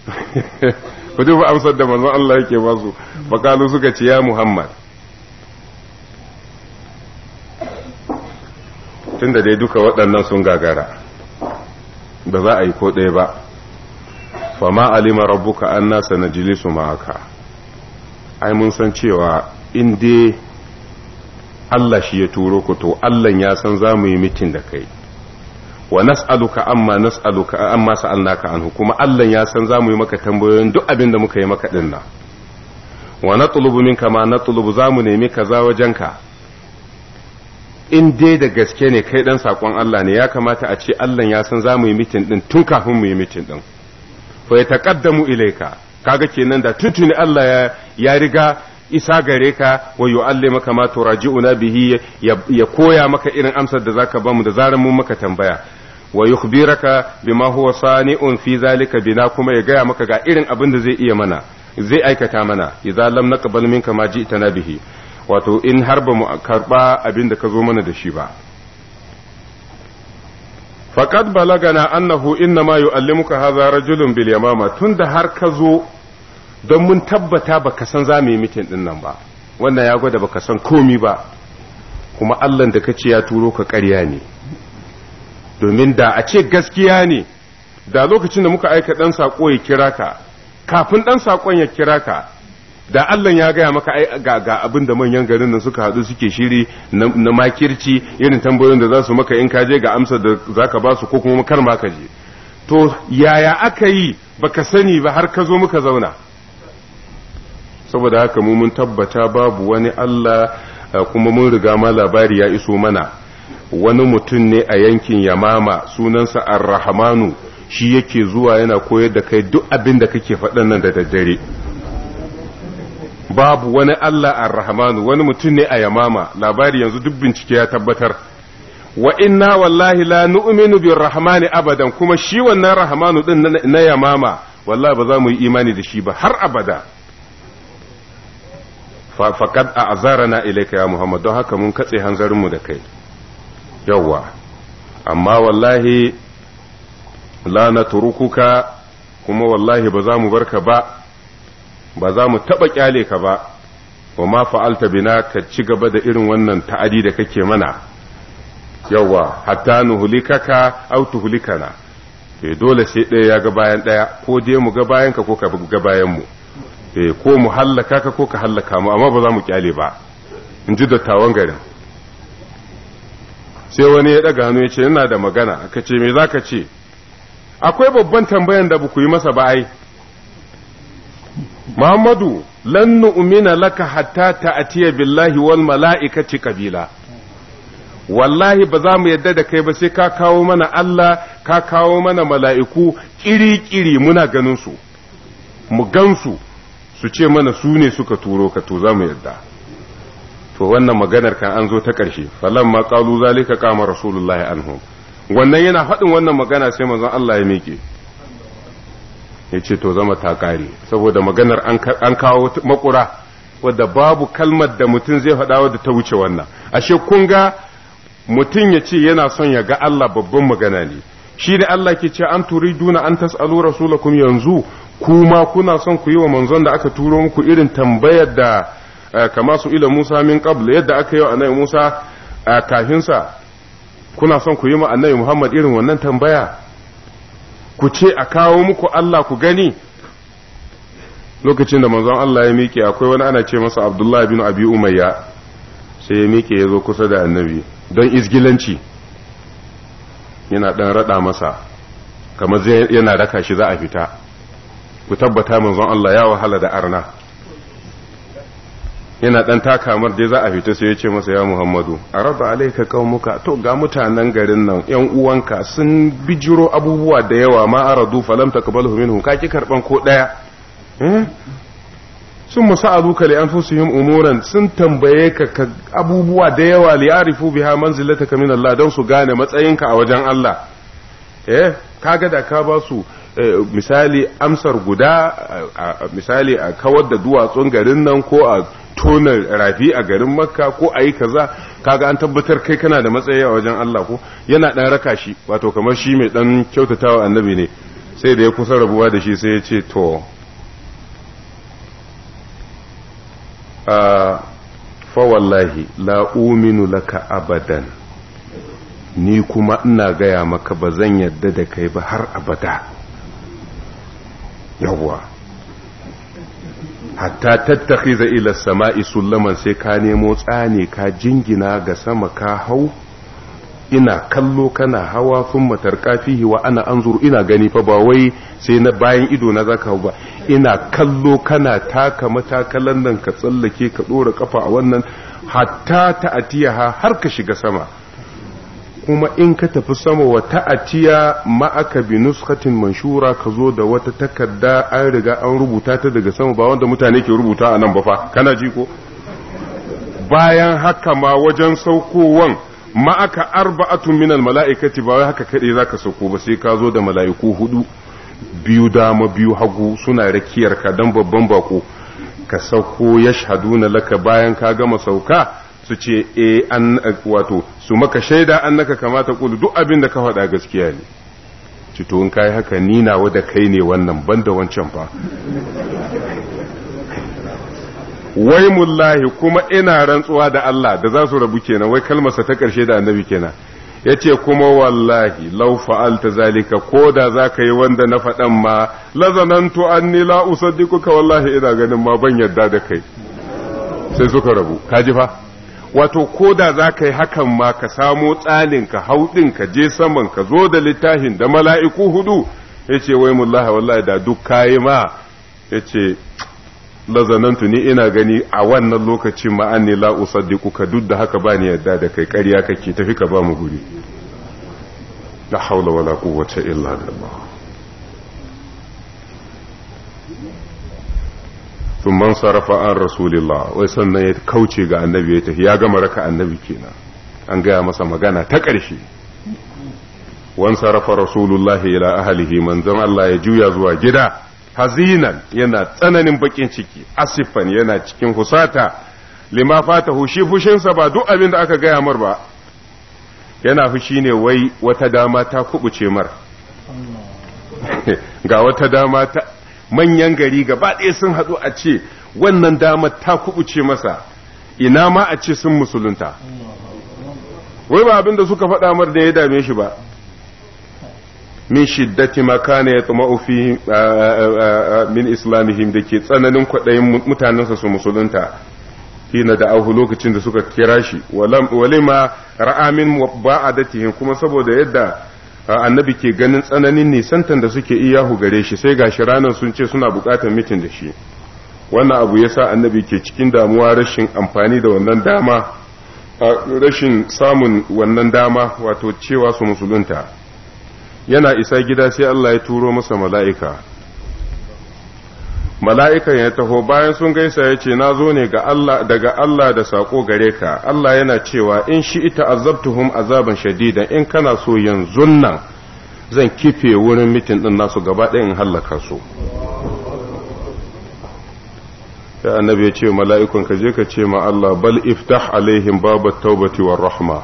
ku duba amsar da manzon Allah yake ba su bakalu suka ce ya Muhammad tunda dai duka waɗannan sun gagara ba za a yi ko ɗaya ba fama alima rabbuka an nasa na su ma'aka ai mun san cewa in dai Allah shi ya turo ku to Allah ya san za mu yi mitin da kai wa nas'aluka amma nas'aluka amma sa'alnaka anhu kuma Allah ya san zamu yi maka tambayoyin duk abin da muka yi maka din nan wa natlubu minka ma natlubu zamu nemi kaza ka. in dai da gaske ne kai dan sakon Allah ne ya kamata a ce Allah ya san zamu yi mitin din tun kafin mu yi mitin din fa ya taqaddamu ilayka kaga kenan da tuntuni Allah ya ya riga isa gare ka wa yu'allima ma turaji'una bihi ya koya maka irin amsar da zaka bamu da zaran mun maka tambaya wa yukhbiraka bima huwa sani'un fi zalika bina kuma ya gaya maka ga irin abin da zai iya mana zai aikata mana idza lam naqbal minka ma ji'tana bihi wato in har ba mu karba abin da ka zo mana da shi ba faqad balagana annahu inna ma yu'allimuka hadha rajulun bil yamama tunda har ka zo don mun tabbata baka san za mu yi mitin din nan ba wannan ya gwada baka san komi ba kuma Allah da ka kace ya turo ka ƙarya ne domin da a ce gaskiya ne da lokacin da muka aika ɗan saƙo ya kira ka kafin ɗan saƙon ya kira ka da Allah ya gaya maka ai ga ga abin da manyan garin nan suka haɗu suke shiri na makirci irin tambayoyin da za su maka in ka je ga amsa da za ka ba su ko kuma kar ma ka je to yaya aka yi baka sani ba har ka zo muka zauna saboda haka mu mun tabbata babu wani Allah kuma mun riga ma labari ya iso mana wani mutum ne a yankin yamama sunansa ar-rahmanu shi yake zuwa yana koyar da kai duk abin da kake faɗan nan da daddare babu wani Allah ar-rahmanu wani mutum ne a yamama labari yanzu duk bincike ya tabbatar wa inna wallahi la nu'minu bir rahmani abadan kuma shi wannan rahmanu din na yamama wallahi ba za mu yi imani da shi ba har abada faqad a'zarana ilayka ya muhammad don haka mun katse mu da kai yawwa amma wallahi la na turukuka kuma wallahi ba za mu bar ka ba ba za mu taɓa kyale ka ba wa ma fa'alta bina ka ci gaba da irin wannan ta'adi da kake mana yawwa hatta nuhulikaka au hulikana e eh, dole sai ɗaya ya ga bayan ɗaya ko dai mu ga bayan ka ko ka ga bayan mu eh ko mu hallaka ka ko ka hallaka mu amma ba za mu kyale ba in ji dattawan garin sai wani ya ɗaga hannu ya ce yana da magana aka ce me za ka ce akwai babban tambayan da ku yi masa ba ai Muhammadu lan nu'mina laka hatta ta'tiya billahi wal mala'ikati kabila wallahi ba za mu yadda da kai ba sai ka kawo mana Allah ka kawo mana mala'iku kiri-kiri muna ganin su mu gansu su ce mana su ne suka turo ka to za mu yadda to wannan maganar kan an zo ta ƙarshe ma qalu zalika qama rasulullahi anhu wannan yana faɗin wannan magana sai manzon Allah ya miƙe ya to zama ta ƙare saboda maganar an kawo makura wadda babu kalmar da mutum zai faɗa wadda ta wuce wannan ashe kun ga mutum ya ce yana son ya ga Allah babban magana ne shi da Allah ke ce an duna an tas'alu rasulakum yanzu kuma kuna son ku yi wa manzon da aka turo muku irin tambayar da Eh, kama su ila Musa min qabl yadda aka yi wa annabi Musa eh, kafinsa kuna son ku yi ma annabi Muhammad irin wannan tambaya ku ce a kawo muku Allah ku gani lokacin da manzon Allah ya miƙe akwai wani ana ce masa Abdullahi bin Abi Umayya sai ya miƙe ya zo kusa da annabi don izgilanci yana ɗan raɗa masa kamar yana raka shi za a fita ku tabbata manzon Allah ya wahala da arna yana dan takamar dai za a fita sai ya ce masa ya muhammadu a raba alaika kaumuka to ga mutanen garin nan yan uwanka sun bijiro abubuwa da yawa ma aradu falam takbalu minhu ka ki karban ko daya eh? sun musa'alu ka li anfusihim umuran sun tambaye ka abubuwa da yawa li arifu biha manzilataka min Allah don su gane matsayinka a wajen Allah eh kaga da ka ba su eh, misali amsar guda misali a kawar da duwatsun garin nan ko a tona rafi a garin makka ko a yi kaza kaga an tabbatar kai kana da matsayi a wajen Allah ko yana dan raka shi wato kamar shi mai dan kyautatawa annabi ne sai da ya kusa rabuwa da shi sai ya ce to fa wallahi la uminu laka abadan ni kuma ina gaya maka ba zan yadda da kai ba har abada yawwa hatta tattakhiza ila sama'i sullaman sai ka nemo tsane ka jingina ga sama ka hau ina kallo kana hawa sun matar kafihi wa ana anzur ina gani fa ba wai sai na bayan ido na zaka ba ina kallo kana taka matakalan nan ka tsallake ka dora kafa a wannan hatta ta ta'atiyaha har ka shiga sama kuma in ka tafi sama wa ta'atiya ma'aka bi nuskatin manshura ka zo da wata takarda an riga an rubuta ta daga sama ba wanda mutane ke rubuta a nan ba fa kana ji ko bayan haka ma wajen saukowan ma'aka arba'atun al mala'ikati ba wai haka kade zaka sauko ba sai ka zo da mala'iku hudu biyu dama biyu hagu suna rakiyar ka dan babban bako ka sauko yashhaduna laka bayan ka gama sauka su ce e, an wato su maka shaida annaka kamata kulu duk abin da ka faɗa gaskiya ne Cito in kai haka ni nawa da kai ne wannan banda wancan fa wai mullahi kuma ina rantsuwa da Allah da za su rabu kenan wai kalmarsa ta karshe da annabi kenan yace kuma wallahi law fa'alta zalika ko da za ka yi wanda na faɗan ma lazanantu anni la usaddiquka wallahi ina ganin ma ban yarda da kai sai suka rabu kaji fa wato ko da za ka yi hakan ma ka samo tsalin ka hauɗin ka je saman ka zo da littafin da mala'iku hudu yace ce wai mullaha wallahi da duk kayi ma ya ce lazanantu ni ina gani a wannan lokacin ma an la usaddiku ka duk da haka ba ni yadda da kai ƙarya kake tafi ka ba mu guri la haula wala quwwata illa billah sun man sarrafa an rasulillah wai sannan ya kauce ga annabi ya tafi ya gama raka annabi kenan an gaya masa magana ta ƙarshe wan sarrafa rasulullahi ila ahalihi manzon Allah ya juya zuwa gida hazinan yana tsananin bakin ciki asifan yana cikin husata lima fata hushi fushinsa ba duk abin da aka gaya mar ba yana fushi ne wai wata dama ta kubuce mar ga wata dama ta manyan gari gaba ɗaya sun haɗu a ce wannan damar ta kubuce masa ina ma a ce sun musulunta wai ba abin da suka faɗa mar da ya dame shi ba min shiddati makana ya tsuma eh, eh, eh, min islamihim da ke tsananin kwaɗayin mutanensa su musulunta hina da auhu lokacin da suka kira shi walima ra'amin min ba'adatihim kuma saboda yadda annabi ke ganin tsananin nisantan da suke iyahu gare shi sai gashi ranar sun ce suna bukatar mitin da shi wannan abu ya sa annabi ke cikin damuwa rashin amfani da wannan dama rashin samun wannan dama wato cewa su musulunta yana isa gida sai Allah ya turo masa mala'ika mala'ikan ya taho bayan sun gaisa ya ce na zo ne daga Allah da saƙo gare ka Allah yana cewa in shi ita azabtuhum azaban shadidan in kana so yanzu nan zan kife wurin mitin ɗin nasu gaba ɗaya in hallaka su Ya annabi ya ce mala'ikun ka je ka ce ma Allah bal iftah alaihim babu taubati wa rahma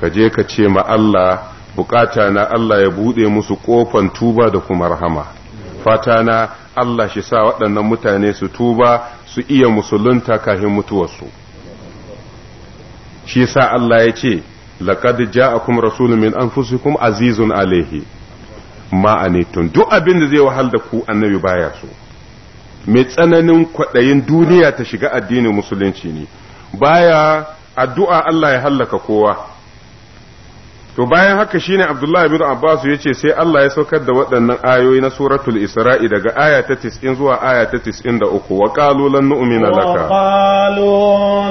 ka je ka ce ma Allah bukata na Allah ya buɗe musu ƙofan tuba da kuma rahama fata na Allah shi sa waɗannan mutane su tuba su iya musulunta kafin mutuwarsu shi sa Allah ya ce laqad ja'akum rasulun min anfusikum azizun alaihi Ma'ani tun duk abin da zai wahal da ku annabi baya so mai tsananin kwaɗayin duniya ta shiga addinin musulunci ne baya addu'a Allah ya hallaka kowa to bayan haka shine Abdullah ibn Abbas yace sai Allah ya saukar da waɗannan ayoyi na suratul Isra'i daga aya ta 90 zuwa aya ta 93 wa qalu lan nu'mina laka wa qalu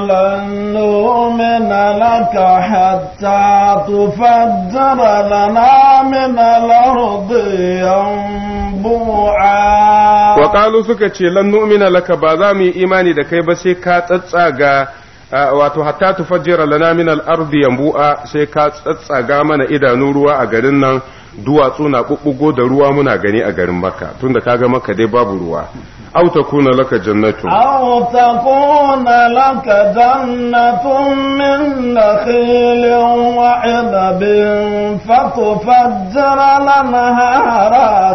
lan nu'mina laka hatta tufajjara lana min al-ardi yanbu'a wa qalu suka ce lan nu'mina laka ba za mu yi imani da kai ba sai ka tsatsaga Ah, wato hatta tufajjira lana min al-ardi yanbu'a sai ka tsatsaga mana idanu ruwa a garin nan duwatsu na bubbugo da ruwa muna gani a garin Makka tunda kaga Makka dai babu ruwa أو تكون لك جنة أو تكون لك جنة من نخيل وعذب فتفجر الأنهار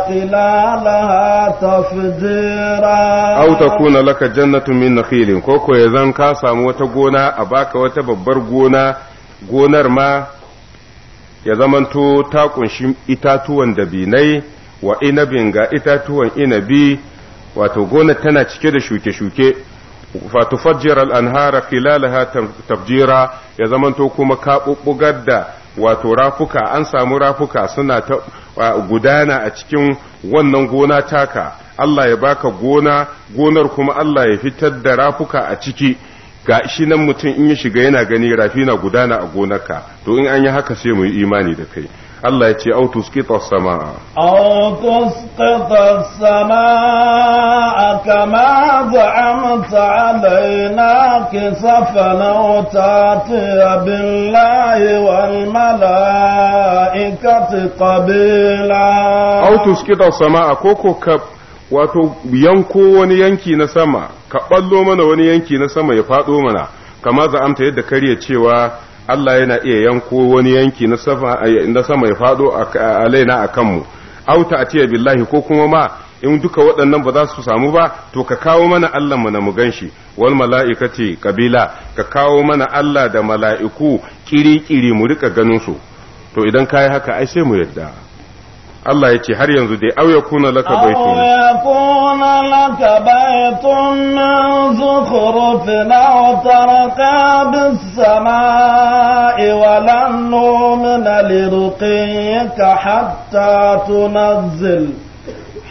خلالها تفجيرا أو تكون لك جنة من نخيل كوكو يذن كاسا وتقونا أباك وتببر قونا قونر ما ya zamanto ta kunshi itatuwan dabinai wa inabin ga itatuwan inabi wato gonar tana cike da shuke-shuke fatufajjir al'anhara filalaha tafjira ya zamanto kuma kaɓuɓɓugar da wato rafuka an samu rafuka suna ta gudana a cikin wannan gona taka Allah ya baka gona gonar kuma Allah ya fitar da rafuka a ciki ga shi nan mutum in ya shiga yana gani rafi na gudana a gonarka to in an yi haka sai mu yi imani da kai Allah ya ce au tusqita samaa au tusqita samaa kama za'amta alaina kisafan aw billahi wal malaikati qabila au tusqita samaa ko ka wato yanko wani yanki na sama ka ballo mana wani yanki na sama ya fado mana kama za'amta yadda kariya cewa Allah yana iya yanko wani yanki na sama ya faɗo a laina a kanmu auta a tiya billahi ko kuma ma in duka waɗannan ba za su samu ba to ka kawo mana Allah mu na mu ganshi wal mala'ikati kabila ka kawo mana Allah da mala'iku kiri-kiri mu rika ganin su to idan kai haka ai sai mu yadda. Allah ya ce har yanzu dai auya kuna laka baitun auya kuna laka baitun min zukhrufin aw tarqa bis samai wa lan nu'mina lirqiyika hatta tunazzil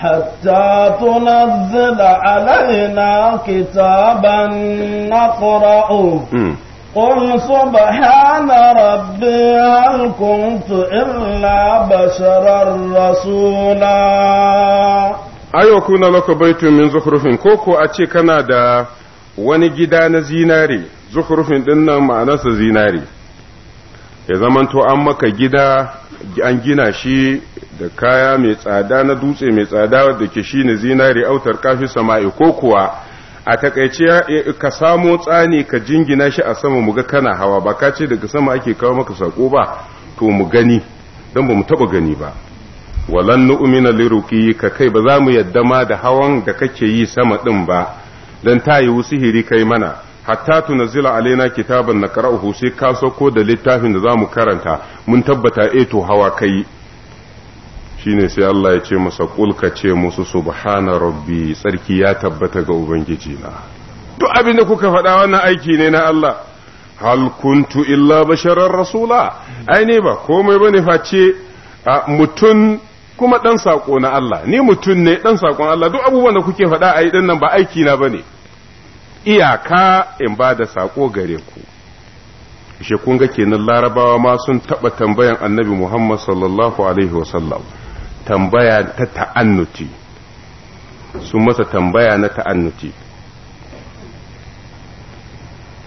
حتى تنزل علينا كتابا نقرأه قل سبحان ربي هل كنت إلا بشرا رسولا ayo كنا لك بيت min زخرف كوكو a ce kana da wani gida na zinare zuhrufin din nan ma'anarsa zinare ya zamanto an maka gida an gina shi da kaya mai tsada na dutse mai tsada da ke shi ne zinare autar kafi sama'i ko kuwa a takaice ka samo tsani ka jingina shi a sama mu ga kana hawa ba ka ce daga sama ake kawo maka sako ba to mu gani don ba mu taba gani ba walan nu'mina liruki ka kai ba za mu yadda ma da hawan da kake yi sama din ba dan ta yi sihiri kai mana hatta tunzila alaina kitaban naqra'uhu sai ka sako da littafin da za mu karanta mun tabbata eh to hawa kai shine sai Allah ya ce masa ka ce musu subhana rabbi tsarki ya tabbata ga ubangiji na duk abin da kuka faɗa wannan aiki ne na Allah hal kuntu illa basharar rasula ai ne ba komai bane face mutun kuma dan sako na Allah ni mutun ne dan sakon Allah duk abubuwan da kuke faɗa ai dinnan nan ba aiki na bane iyaka in ba da sako gare ku shi kun ga kenan larabawa ma sun taɓa tambayan annabi muhammad sallallahu alaihi wasallam tambaya ta ta'annuti sun masa tambaya na ta'annuti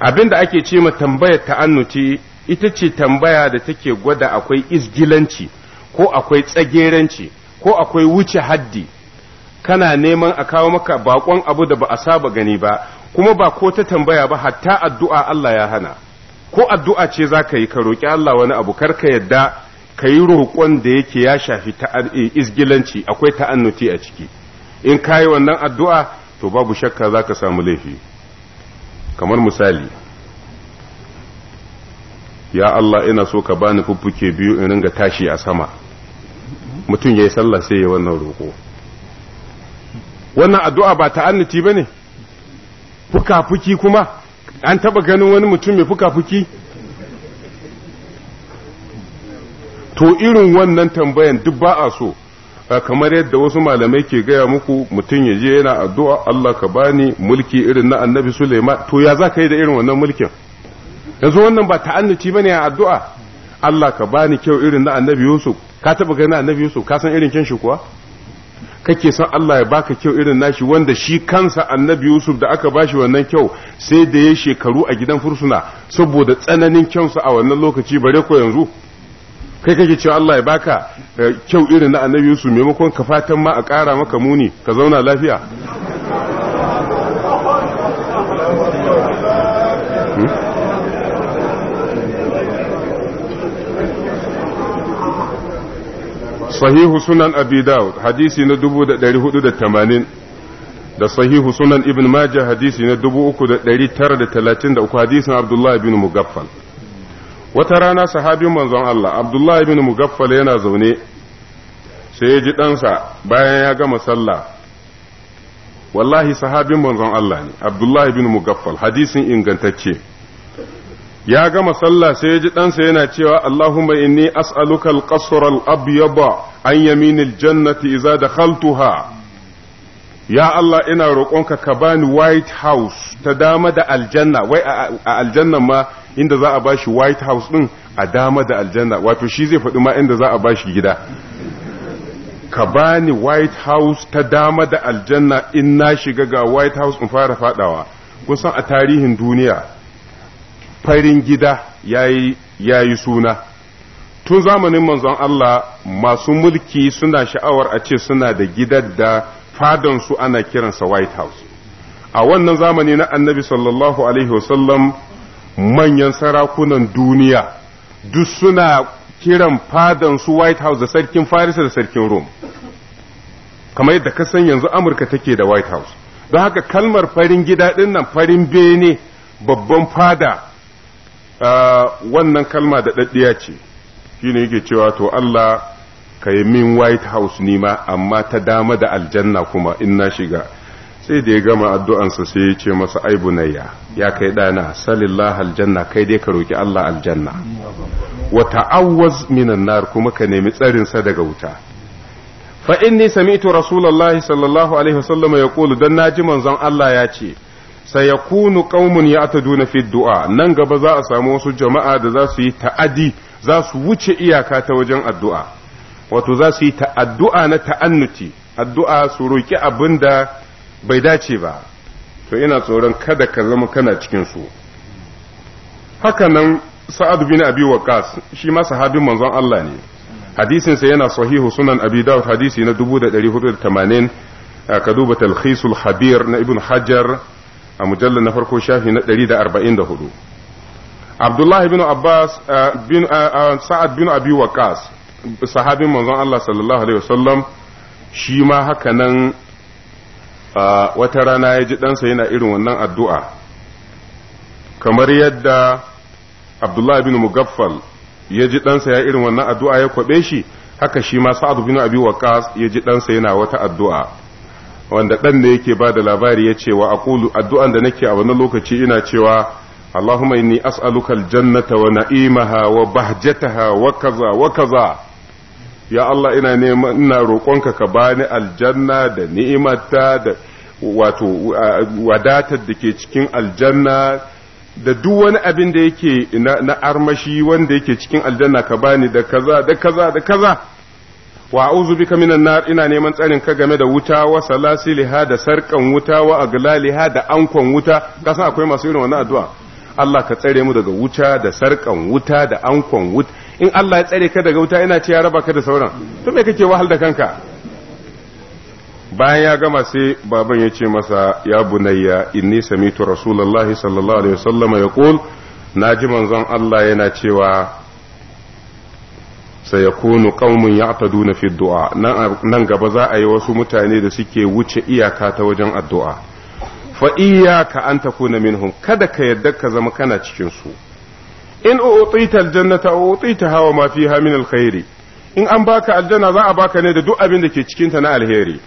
abinda ake ce ma tambayar ta'annuti ita ce tambaya da take gwada akwai izgilanci ko akwai tsageranci ko akwai wuce haddi kana neman a kawo maka bakon abu da ba a saba gani ba kuma ba ko ta tambaya ba hatta addu'a Allah ya hana ko addu'a ce za ka yi ka roƙi Allah wani abu kar ka yadda ka yi roƙon da yake ya shafi eh, izgilanci akwai ta'annuti a ciki in ka yi wannan addu'a to babu shakka za ka samu laifi kamar misali ya Allah ina so ka bani fuffuke biyu in ringa tashi a sama mutum ya yi sallah sai ya wannan roƙo wannan addu'a ba ta'annuti ba ne fuka-fuki kuma an taɓa ganin wani mutum mai fuka-fuki to irin wannan tambayan duk ba a so kamar yadda wasu malamai ke gaya muku mutum ya je yana addu'a Allah ka bani mulki irin na annabi Suleiman to ya za ka yi da irin wannan mulkin yanzu wannan ba ta'annuci bane a addu'a Allah ka bani kyau irin na annabi Yusuf ka taba ganin annabi Yusuf ka san irin kyan shi kuwa kake son Allah ya baka kyau irin nashi wanda shi kansa annabi Yusuf da aka bashi wannan kyau sai da ya shekaru a gidan fursuna saboda tsananin kyansa a wannan lokaci bare ko yanzu kai kake cewa Allah ya baka eh, kyau irin na annabi su maimakon ka fatan ma a ƙara maka muni ka zauna lafiya hmm? sahihu sunan abi dawud hadisi na 480 da sahihu sunan ibn majah hadisi na 3933 hadisin abdullahi bin mugaffal wata rana sahabin manzon Allah Abdullah ibn Mugaffal yana zaune sai ya ji ɗansa bayan ya gama sallah wallahi sahabin manzon Allah ne Abdullah ibn Mugaffal hadisin ingantacce ya gama sallah sai ya ji ɗansa yana cewa Allahumma inni as'aluka al-qasra al-abyada an yaminil jannati idza dakhaltuha ya Allah ina roƙonka ka bani white house ta dama da aljanna wai a aljannan ma inda za a bashi white house din a dama da aljanna wato shi zai faɗi ma inda za a bashi gida ka bani white house ta dama da aljanna in na shiga ga white house in fara fadawa kun a tarihin duniya farin gida yayi yayi suna tun zamanin manzon Allah masu mulki suna sha'awar a ce suna da gidan da fadansu ana kiransa white house a wannan zamani na annabi sallallahu alaihi wasallam manyan sarakunan duniya duk suna kiran fadan su White House da sarkin Farisa da sarkin Rome kamar yadda ka san yanzu Amurka take da White House don haka kalmar farin gida din nan farin bene babban fada wannan kalma da daddiya ce shine yake cewa to Allah ka yi min White House nima amma ta dama da aljanna kuma in na shiga sai da ya gama addu'ansa sai ya ce masa aibu na ya kai dana salillah aljanna kai dai ka roƙi Allah aljanna wata awwaz minan nar kuma ka nemi tsarinsa daga wuta fa inni sami'tu rasulullahi sallallahu alaihi wasallam don dan naji manzon Allah ya ce sayakunu qaumun ya'taduna fi du'a nan gaba za a samu wasu jama'a da za su yi ta'adi za su wuce iyaka ta wajen addu'a wato za su yi ta'addu'a na ta'annuti addu'a su roki abinda bai dace ba to ina tsoron kada ka zama kana cikinsu hakanan sa'ad bin abi waqas shi ma sahabin manzon Allah ne hadisin sa yana sahihu sunan abi daud hadisi na 1480 ka duba talkhisul khabir na ibn hajar a mujallar na farko shafi na 144 abdullahi bin abbas bin sa'ad bin abi waqas sahabin manzon Allah sallallahu alaihi wasallam shi ma hakanan. wata rana ya ji ɗansa yana irin wannan addu'a kamar yadda abdullahi bin mugaffal ya ji ɗansa ya irin wannan addu'a ya kwaɓe shi haka shi ma sa'ad bin abi waqas ya ji ɗansa yana wata addu'a wanda ɗan ne yake ba da labari ya ce wa aqulu addu'an da nake a wannan lokaci ina cewa Allahumma inni as'aluka aljannata wa na'imaha wa bahjataha wa kaza wa kaza ya Allah ina neman ina roƙonka ka bani aljanna da ni'imata da wato wadatar da ke cikin aljanna da duk wani abin da yake na armashi wanda yake cikin aljanna ka bani da kaza da kaza da kaza wa a'udhu bika minan nar ina neman tsarin ka game da wuta wa salasiliha da sarkan wuta wa aglaliha da ankon wuta kasan akwai masu irin wannan addu'a Allah ka tsare mu daga wuta da sarkan wuta da ankon wuta in Allah ya tsare ka daga wuta yana ce ya raba ka da sauran to me kake wahal da kanka bayan ya gama sai baban ya ce masa ya bunayya inni samitu rasulullahi sallallahu alaihi wasallam yaqul naji manzon Allah yana cewa sayakunu qaumun ya'taduna fi du'a nan gaba za a yi wasu mutane da suke wuce iyaka ta wajen addu'a fa iyaka an takuna minhum kada ka yadda ka zama kana cikin su in u'tita aljannata u'tita hawa ma fiha min alkhairi in an baka aljanna za a baka ne da duk abin da ke cikin ta na alheri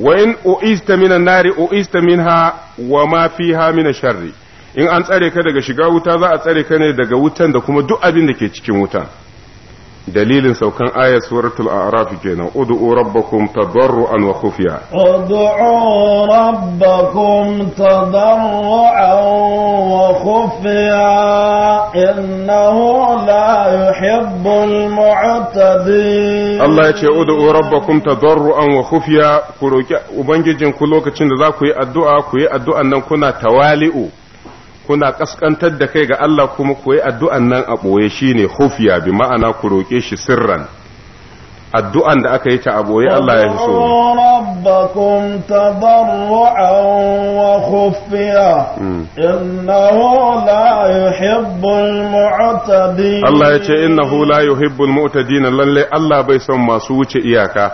wa in u'ista min an u'ista minha wa ma fiha min sharri in an tsare ka daga shiga wuta za a tsare ka ne daga wutan da kuma duk abin da ke cikin wutan dalilin saukan ayat suratul a'raf kenan ud'u rabbakum tadarruan wa khufiya ud'u rabbakum tadarruan wa khufiya innahu la yuhibbul mu'tadin Allah ya ce ud'u rabbakum tadarruan wa khufiya ku roki ubangijin ku lokacin da za ku yi addu'a ku yi addu'an nan kuna tawali'u kuna kaskantar da kai ga Allah kuma ku yi addu'an nan a ɓoye shine hufiya bi ma'ana ku roƙe shi sirran addu'an da aka yi ta a ɓoye Allah ya so rabbakum wa khufiya hmm. innahu la yuhibbul mu'tadin Allah ya ce innahu la yuhibbul mu'tadin lalle Allah bai son masu wuce iyaka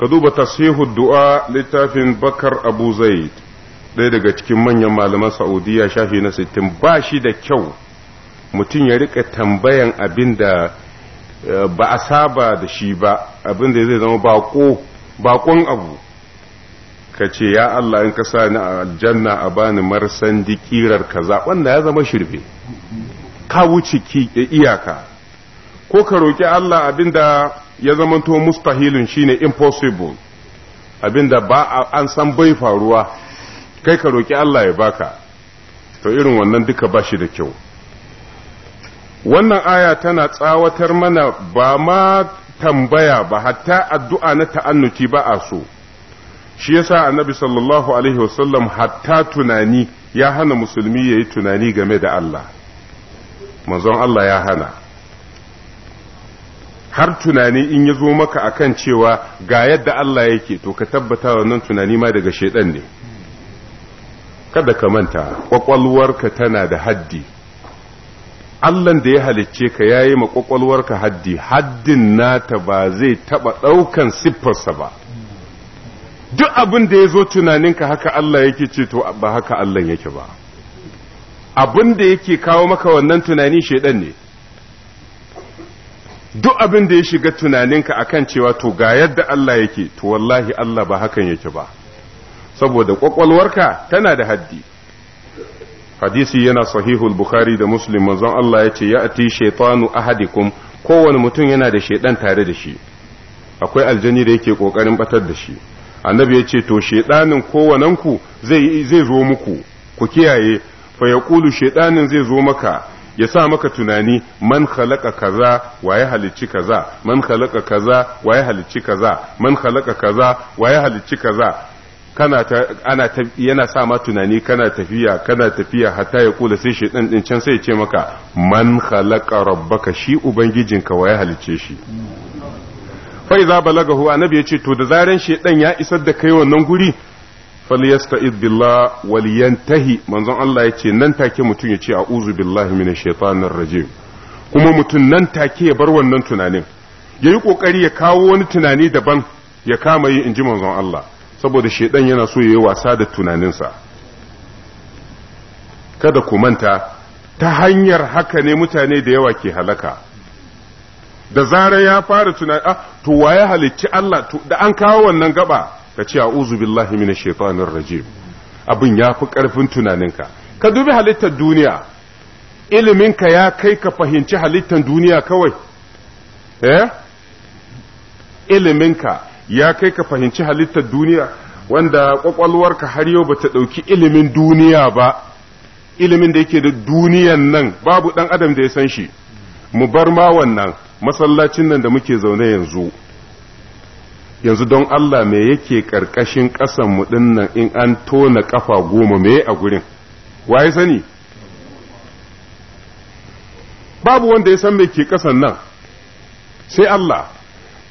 ka duba tasihu du'a littafin bakar abu zaid ɗaya daga cikin manyan malaman sa'udiyya shafi na sittin ba shi da kyau mutum ya rika tambayan abin da eh, ba a saba da shi ba abin da zai zama bakon abu ka ce ya Allah in ka sa ni a aljanna a bani marsan dikirar kaza wanda ya zama shirbe ka wuce ki iyaka ko ka roki Allah abinda ya zamanto mustahilin shine impossible abinda ba an san bai faruwa kai ka roƙi Allah ya baka to irin wannan duka ba shi da kyau wannan aya tana tsawatar mana ba ma tambaya ba hatta addu'a na ta’annuki ba a so shi yasa annabi sallallahu alaihi wasallam hatta tunani ya hana musulmi ya yi tunani game da Allah manzon Allah ya hana har tunani in ya zo maka akan cewa ga yadda Allah yake to ka tabbata wannan tunani ma daga shaidan ne kada ka manta kwakwalwarka tana da haddi Allahn da ya halicce ka ya yi kwakwalwarka haddi haddin nata ba zai taɓa ɗaukan siffarsa ba duk abin da ya zo tunaninka haka Allah yake ce to ba haka Allah yake ba abin da yake kawo maka wannan tunani shaidan ne duk abin da ya shiga tunaninka akan cewa to ga yadda Allah yake to wallahi Allah ba hakan yake ba saboda kwakwalwarka tana da haddi hadisi yana sahihul bukhari da muslim manzon Allah ya ce ya ati shaitanu ahadikum kowane mutum yana da shaidan tare da shi akwai aljani da yake kokarin batar da shi annabi ya ce to shaidanin kowananku zai zai zo muku ku kiyaye fa yaqulu shaidanin zai zo maka ya sa maka tunani man khalaqa kaza waye halicci kaza man khalaqa kaza waye halicci kaza man khalaqa kaza waye halicci kaza kana ta ana ta yana sa ma tunani kana tafiya kana tafiya hatta ya kula sai shi din can sai ya ce maka man khalaqa rabbaka shi ubangijinka wa ya halice shi fa iza balagahu annabi yace to da zaran shi dan ya isar da kai wannan guri falyasta'id billah waliyantahi manzon Allah yace nan take mutum ce a'udhu billahi minash shaitanir rajim kuma mutum nan take ya bar wannan tunanin yayi kokari ya kawo wani tunani daban ya kama yi inji manzon Allah saboda shedan yana so yayi wasa da tunaninsa kada ku manta ta hanyar haka ne mutane da yawa ke halaka da zarar ya fara tunani ah to waye halicci Allah to da an kawo wannan gaba ka ce a'udhu billahi minash shaitanir rajim abin yafi karfin tunaninka ka dubi halittar duniya iliminka ya kai ka fahimci halittar duniya kawai eh iliminka ya kai ka fahimci halittar duniya wanda kwakwalwarka har yau ba ta ɗauki ilimin duniya ba ilimin da yake da duniyan nan babu ɗan adam da ya san shi mu bar ma wannan masallacin nan da muke zaune yanzu yanzu don Allah me yake ƙarƙashin ƙasan mu nan in an tona ƙafa goma me a gurin waye sani babu wanda ya san me ke ƙasan nan sai Allah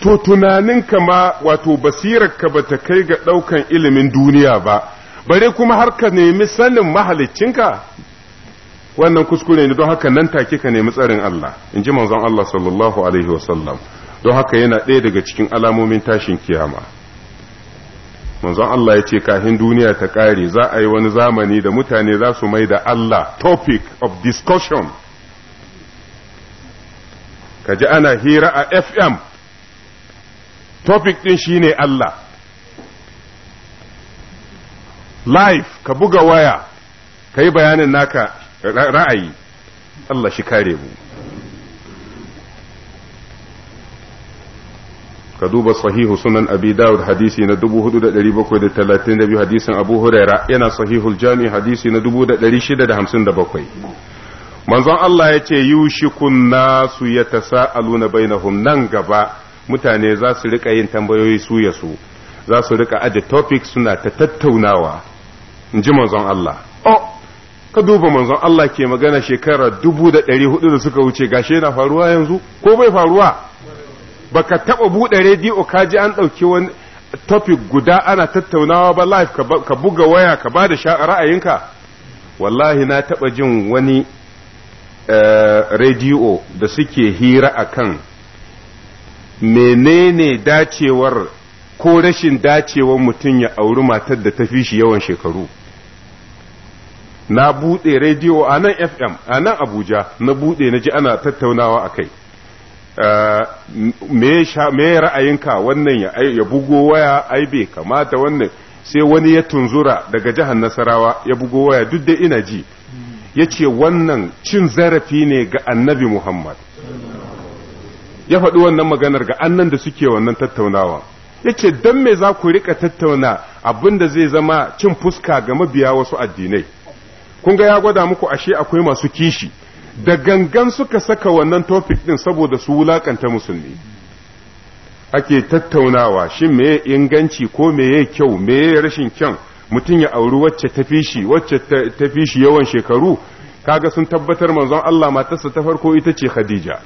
to tunaninka ma wato basirarka ba ta kai ga ɗaukan ilimin duniya ba bare kuma har ka nemi sanin mahaliccinka wannan kuskure ne don haka nan take ka nemi tsarin Allah in ji manzon Allah sallallahu alaihi wasallam don haka yana ɗaya daga cikin alamomin tashin kiyama manzon Allah ya ce kafin duniya ta ƙare za a yi wani zamani da mutane za su mai da Allah topic of discussion ka ji ana hira a FM topic ɗin shine Allah live ka buga waya ka yi bayanin naka ra'ayi Allah shi kare mu ka duba sahihu sunan abi dawud hadisi na 4732 hadisin abu huraira yana sahihu jami hadisi na 6657 manzon Allah ya ce yushikun nasu yatasaaluna bainahum nan gaba mutane za su rika yin tambayoyi su ya su za su rika aje topic suna ta tattaunawa in ji manzon Allah oh ka duba manzon Allah ke magana shekara dubu da ɗari hudu da suka wuce gashe na faruwa yanzu ko bai faruwa baka taba buɗe rediyo ka ji an ɗauki wani topic guda ana tattaunawa ba live ka buga waya ka ba da ra'ayinka wallahi na taɓa jin wani eh, rediyo da suke hira akan menene dacewar ko rashin dacewar mutum ya auri matar da ta fi shi yawan shekaru na buɗe rediyo a nan fm a nan abuja na buɗe na ji ana tattaunawa a kai eh, me ra'ayinka wannan ya bugo waya ai bai kamata wannan sai wani ya tunzura daga jihar nasarawa ya bugo waya duk da ina ji ya ce wannan cin zarafi ne ga annabi muhammad ya faɗi wannan maganar ga annan da suke wannan tattaunawa yace dan me za ku rika tattauna abin da zai zama cin fuska ga mabiya wasu addinai kun ga ya gwada muku ashe akwai masu kishi da gangan suka saka wannan topic din saboda su wulakanta musulmi ake tattaunawa shin ya inganci ko ya kyau meye rashin kyan mutum ya auri wacce tafi shi wacce tafi shi yawan shekaru kaga sun tabbatar manzon Allah matarsa ta farko ita ce Khadija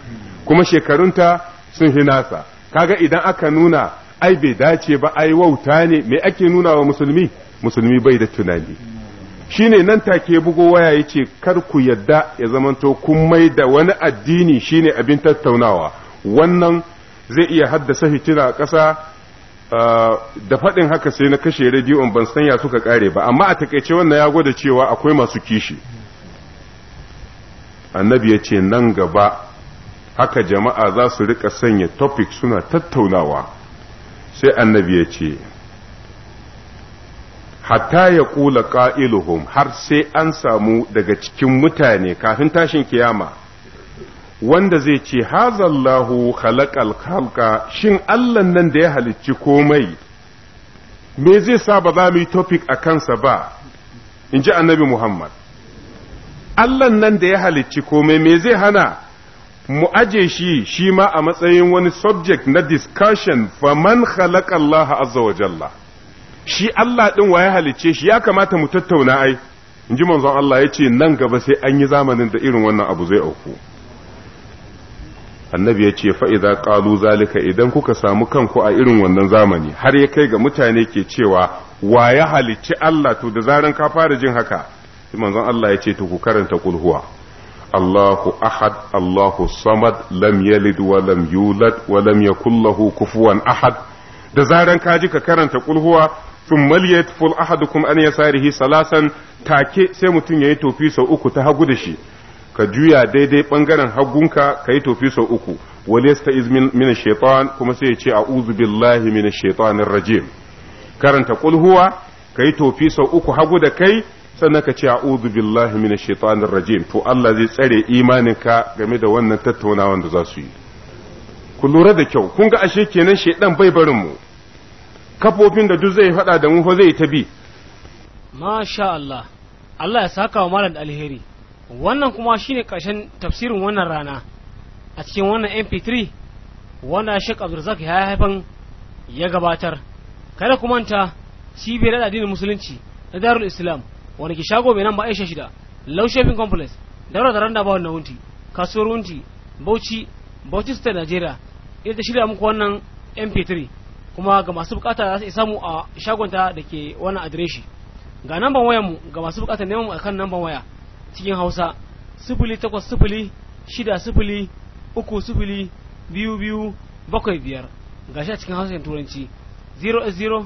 kuma shekarunta sun fi nasa kaga idan aka nuna ai bai dace ba ai wauta ne me ake nuna wa musulmi musulmi bai da tunani shine nan take bugo waya yace kar ku yadda ya zamanto kun mai da wani addini shine abin tattaunawa wannan zai iya haddasa fitina a ƙasa ah, da faɗin haka sai na kashe rediyon ban sanya suka kare ba amma a takaice wannan ya gwada cewa akwai masu kishi annabi ya ce nan gaba haka jama'a za su rika sanya topic suna tattaunawa sai annabi ya ce hatta ya kula ƙa'iluhum har sai an samu daga cikin mutane kafin tashin kiyama wanda zai ce hazallahu khalaqal khalqa shin Allah nan da ya halicci komai me zai sa ba za mu yi topic a kansa ba in ji annabi Muhammad Allah nan da ya halicci komai me zai hana mu aje shi shi ma a matsayin wani subject na discussion man khalaqa Allah azza wa jalla shi Allah din waye halicce shi ya kamata mu tattauna ai Inji ji manzon Allah yace nan gaba sai an yi zamanin da irin wannan abu zai auku annabi ya ce fa'iza ƙalu zalika idan kuka samu kanku a irin wannan zamani har ya kai ga mutane ke cewa wa ya halicci Allah to da zaran ka fara jin haka manzon Allah ya ce to ku karanta kulhuwa Allahu ahad Allahu samad lam yalid wa yulad wa lam yakul lahu kufuwan ahad da zaran ka ji ka karanta kulhuwa sun maliyat ful ahadukum an yasarihi salasan take sai mutum yayi tofi sau uku ta hagu da shi ka juya daidai bangaren hagunka ka yi tofi sau uku wale ta izmin min shaitan kuma sai ya ce a'udhu billahi min shaitanir rajim karanta kulhuwa ka yi tofi sau uku hagu da kai sannan ka ce a'udhu billahi minash shaitanir rajim to Allah zai tsare imaninka game da wannan tattaunawan da za su yi ku lura da kyau kun ga ashe kenan shaidan bai barin mu kafofin da duk zai faɗa da mu fa zai ta bi masha Allah Allah ya saka wa malam alheri wannan kuma shine ƙarshen tafsirin wannan rana a cikin wannan mp3 wanda Sheikh Abdulrazak ya haifan ya gabatar kada ku manta cibiyar addinin musulunci na Darul Islam wani ki shago mai nan ba aisha shida low shopping complex daura da randa ba wannan wunti kasuwar wunti bauchi bauchi state nigeria ita ta shirya muku wannan mp3 kuma ga masu bukata za su samu a shagonta da ke wannan adireshi ga namban wayar mu ga masu bukata neman mu akan namban waya cikin hausa sifili takwas sifili shida sifili uku biyu biyu bakwai biyar a cikin hausa turanci 0